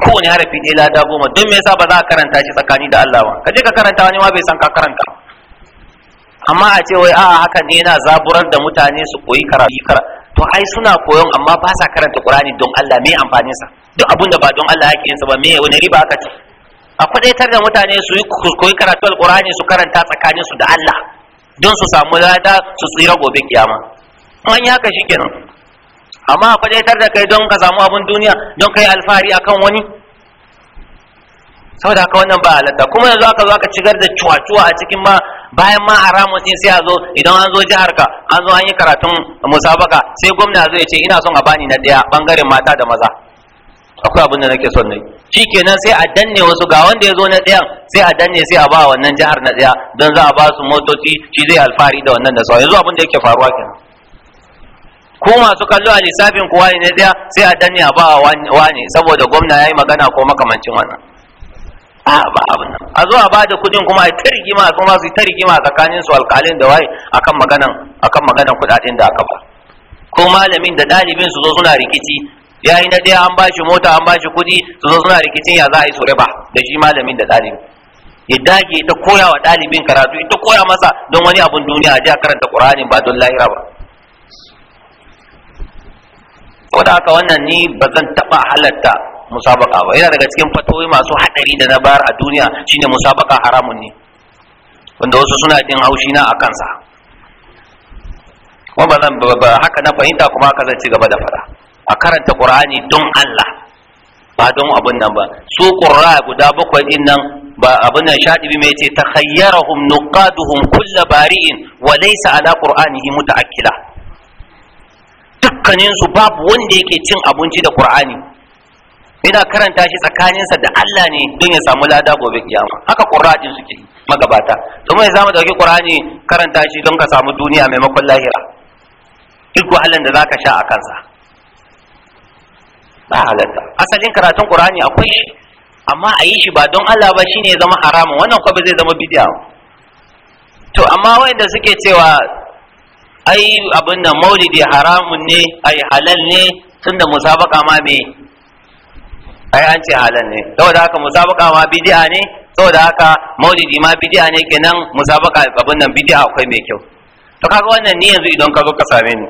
kowane harafi ɗaya lada goma don me yasa ba za a karanta shi tsakani da Allah ba kaje ka karanta wani ma bai san ka karanta amma a ce wai a'a hakan ne yana zaburar da mutane su koyi karatu to ai suna koyon amma ba sa karanta qur'ani don Allah me amfanin sa duk abinda ba don Allah yake yin sa ba me wani riba aka ci a kudaitar da mutane su koyi karatu alqur'ani su karanta tsakanin su da Allah don su samu lada su tsira gobe kiyama an yi haka kenan amma a kwadaitar da kai don ka samu abin duniya don kai alfahari akan wani saboda haka wannan ba halatta kuma yanzu aka zo aka cigar da cuwa-cuwa a cikin ma bayan ma haramun sai a zo idan an zo jihar ka an zo an yi karatun musabaka sai gwamna zai ce ina son a bani na daya bangaren mata da maza akwai abin da nake son shi kenan sai a danne wasu ga wanda ya zo na ɗayan sai a danne sai a ba wannan jihar na ɗaya don za a ba su motoci shi zai alfahari da wannan da sauran yanzu abin da yake faruwa kenan ko masu kallo a lissafin kuwa ne na ɗaya sai a danne a ba wani saboda gwamna ya yi magana ko makamancin wannan a ba abin nan a zo a ba da kuɗin kuma a tarigima a kuma su rigima tsakanin su alƙalin da waye akan maganan akan maganan kuɗaɗen da aka ba ko malamin da ɗalibin su zo suna rikici ya yi na ɗaya an ba shi mota an ba shi kuɗi su zo suna rikicin ya za a yi su riba da shi malamin da ɗalibi ya dage ta koya wa ɗalibin karatu ita koya masa don wani abun duniya a karanta ƙur'anin ba don lahira ba da haka wannan ni ba zan taɓa halatta musabaka ba yana daga cikin fatoyi masu haɗari da na bayar a duniya shine musabaka haramun ne wanda wasu suna jin haushi na a kansa kuma ba haka na fahimta kuma haka zan ci gaba da faɗa a karanta qur'ani don Allah ba don abun nan ba su qurra guda bakwai din nan ba abun nan bi mai ce takhayyarahum nuqaduhum kullu bari'in wa laysa ala qur'anihi mutaakkila dukkanin su babu wanda yake cin abinci da qur'ani ina karanta shi tsakaninsa da Allah ne don ya samu lada gobe kiyama haka qurra din suke magabata to mai zamu dauki qur'ani karanta shi don ka samu duniya maimakon lahira duk wahalan da zaka sha a kansa ba halatta asalin karatun qur'ani akwai shi amma a yi shi ba don Allah ba shine zama haramun wannan kwa ba zai zama bid'a to amma wanda suke cewa ai abin nan maulidi haramun ne ai halal ne tunda musabaka ma me ai an ce halal ne saboda haka musabaka ma bid'a ne saboda haka maulidi ma bid'a ne kenan musabaka abin nan bid'a akwai mai kyau to kaga wannan ni yanzu idan ka zo ka same ni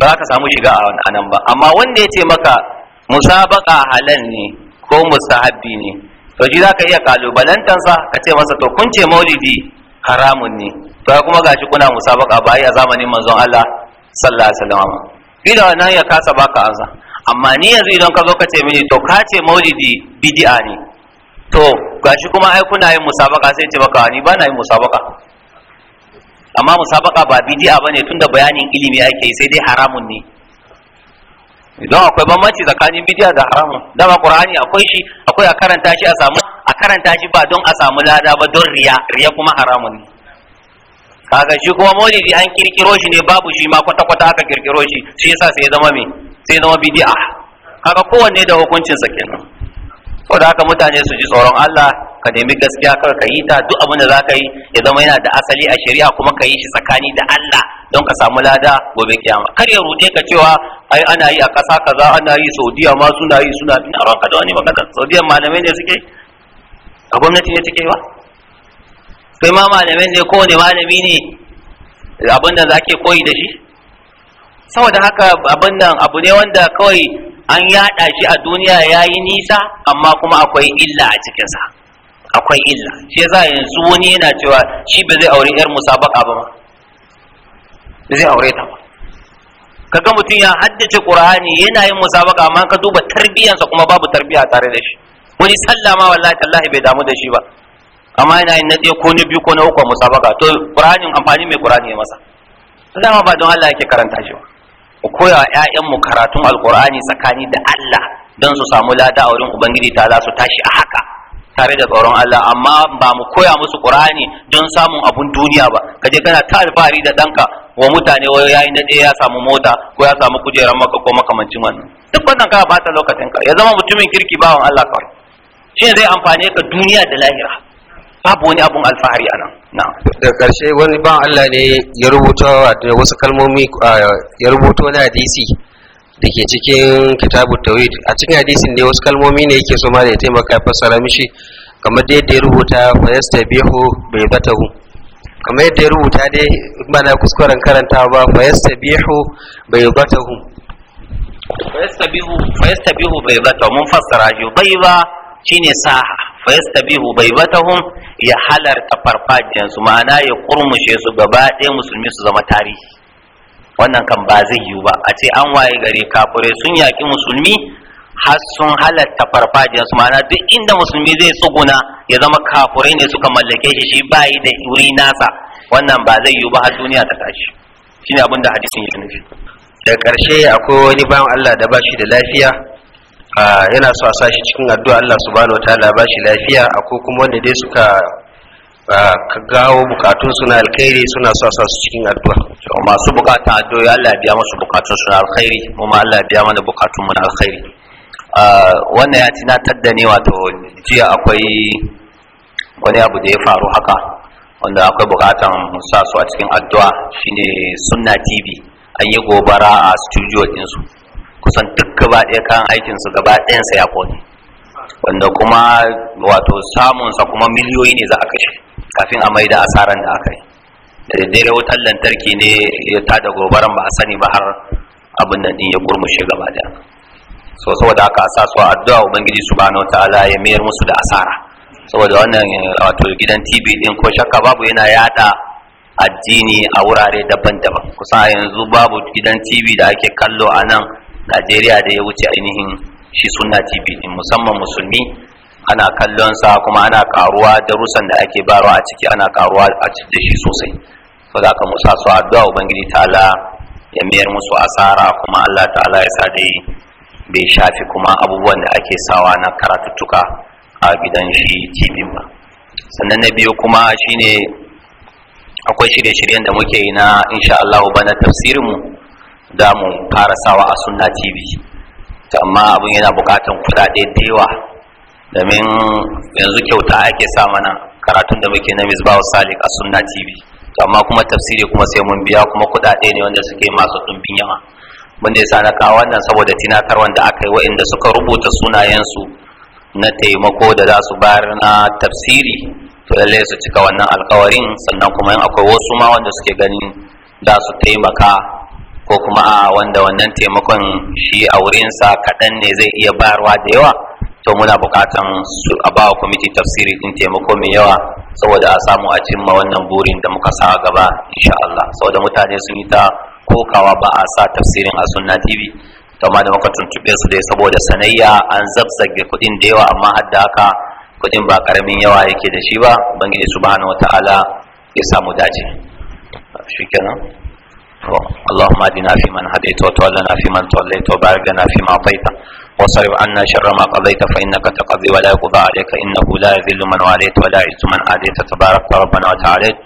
ba za ka samu shiga a anan ba amma wanda ya ce maka musabaka halal ne ko musahabbi ne to shi za ka iya sa ka ce masa to kun ce maulidi haramun ne to kuma gashi kuna musabaka ba a zamanin manzon Allah sallallahu alaihi wasallam kila wannan ya kasa baka ansa amma ni yanzu idan ka zo ka ce mini to ka ce maulidi bid'a ne to gashi kuma ai kuna yin musabaka sai ce baka ni ba na yin musabaka amma musabaka ba bidi'a bane tunda bayanin ilimi ake yi sai dai haramun ne idan akwai bambanci tsakanin bidi'a da haramun dama qur'ani akwai shi akwai a karanta shi a samu a karanta shi ba don a samu lada ba don riya riya kuma haramun ne kaga shi kuma maulidi an kirkiro shi ne babu shi ma kwata kwata aka kirkiro shi shi yasa sai ya zama me sai ya zama bidi'a kaga kowanne da hukuncin sa kenan saboda haka mutane su ji tsoron Allah ka nemi gaskiya kawai ka yi ta duk abin da za ka yi ya zama yana da asali a shari'a kuma ka yi shi tsakani da Allah don ka samu lada gobe kiyama kar ya rude ka cewa ai ana yi a ƙasa kaza ana yi Saudiya ma suna yi suna ina ranka da wani magana Saudiya malamai ne suke a gwamnati ne take ba kai ma malamai ne kowane malami ne abin da zake koyi da shi saboda haka abin nan abu ne wanda kawai an yaɗa shi a duniya ya yi nisa amma kuma akwai illa a cikinsa akwai illa shi yasa yanzu wani yana cewa shi ba zai aure yar musabaka ba ba zai aure ta ba kaga mutum ya haddace qur'ani yana yin musabaka amma ka duba tarbiyansa kuma babu tarbiya tare da shi wani sallah ma wallahi tallahi bai damu da shi ba amma yana yin na ɗaya ko na biyu ko na uku musabaka to qur'ani amfani mai qur'ani ya masa dama ba don Allah yake karanta shi ba ku koya ƴaƴanmu karatun alqur'ani tsakani da Allah don su samu lada a wurin ubangiji ta za su tashi a haka tare da tsoron Allah amma ba mu koya musu Qur'ani don samun abun duniya ba kaje kana ta alfahari da danka wa mutane wayo yayin da ya samu mota ko ya samu kujerar maka ko makamancin wannan duk wannan ka bata lokacin ka ya zama mutumin kirki bawan Allah kawai shi zai amfane ka duniya da lahira babu wani abun alfahari a nan da karshe wani ban Allah ne ya rubuta wasu kalmomi ya rubuta wani hadisi da ke cikin kitabu tawhid a cikin hadisin ne wasu kalmomi ne yake so ma da ya taimaka fassara mishi kamar da yadda ya rubuta fa yastabihu bai batahu kamar yadda ya rubuta dai ba na kuskuren karantawa ba fa yastabihu bai batahu fa yastabihu fa yastabihu bai batahu mun fassara yubaiba shine saha fa yastabihu bai batahum ya halarta su ma'ana ya kurmushe su gaba ɗaya musulmi su zama tarihi wannan kan ba zai yiwu ba a ce an waye gari kafirai sun yaƙi musulmi har sun halatta farfajiyar su ma'ana duk inda musulmi zai tsuguna ya zama kafirai ne suka mallake shi shi bayi da wuri nasa wannan ba zai yiwu ba har duniya ta tashi shine abin da hadisin ya nufi da karshe akwai wani bayan Allah da ba da lafiya ah, yana so a sa shi cikin addu'a Allah subhanahu wataala ba shi lafiya akwai kuma wanda dai suka ka gawo bukatun suna alkhairi suna sa su cikin addu'a masu bukatan addu'a Allah biya musu bukatun suna alkhairi kuma Allah biya mana bukatun mu na alkhairi wannan ya tina da ne wato jiya akwai wani abu da ya faru haka wanda akwai bukatan sa su a cikin addu'a shine sunna tv an yi gobara a studio ɗinsu kusan duk gaba ɗaya aikin aikinsu gaba sa ya kone wanda kuma wato samunsa kuma miliyoyi ne za a kashe kafin a maida asaran da aka yi da daidai wutar lantarki ne ya tada gobaran ba a sani ba har abin nan din ya gurmushe gaba da so saboda aka sa su addu'a ubangiji subhanahu wataala ya mayar musu da asara saboda wannan eh, wato gidan TV din ko shakka babu yana yada addini a wurare daban-daban kusa yanzu babu gidan TV da ake kallo a nan Najeriya da ya wuce ainihin shi sunna TV din musamman musulmi ana kallon sa kuma ana karuwa darussan da ake barawa a ciki ana karuwa a ciki da shi sosai so za ka musa su addu'a ubangiji ta'ala ya mayar musu asara kuma Allah ta'ala ya sa dai bai shafi kuma abubuwan da ake sawa na karatuttuka a gidan shi tv ba sannan na biyu kuma shine akwai shirye-shiryen da muke yi na insha Allah bana tafsirin mu da mu fara sawa a sunna tv amma abun yana bukatan kudade da yawa domin yanzu kyauta ake sa mana karatun da muke na misbahu salik a sunna tv to amma kuma tafsiri kuma sai mun biya kuma kuɗaɗe ne wanda suke masu ɗumbin yawa mun ne sana na kawo wannan saboda tinakar wanda aka yi wa'inda suka rubuta sunayensu na taimako da za su bayar na tafsiri to lallai su cika wannan alkawarin sannan kuma in akwai wasu ma wanda suke ganin za su taimaka ko kuma a wanda wannan taimakon shi a wurinsa kaɗan ne zai iya bayarwa da yawa to muna bukatan su a ba kwamiti tafsiri din taimako mai yawa saboda a samu a cimma wannan burin da muka sa gaba insha Allah saboda mutane sun yi ta kokawa ba a sa tafsirin a sunna TV to ma da muka tuntube su dai saboda sanayya an zabzage kuɗin da yawa amma har da haka kuɗin ba karamin yawa yake da shi ba ubangiji subhanahu wataala ya samu dace shikenan اللهم اهدنا فيمن هديت وتولنا فيمن توليت وبارك لنا فيما اعطيت وصرف عنا شر ما قضيت فانك تقضي ولا يقضى عليك انه لا يذل من واليت ولا يعز من عاديت تبارك ربنا وتعاليت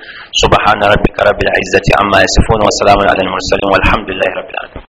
سبحان ربك رب العزه عما يصفون وسلام على المرسلين والحمد لله رب العالمين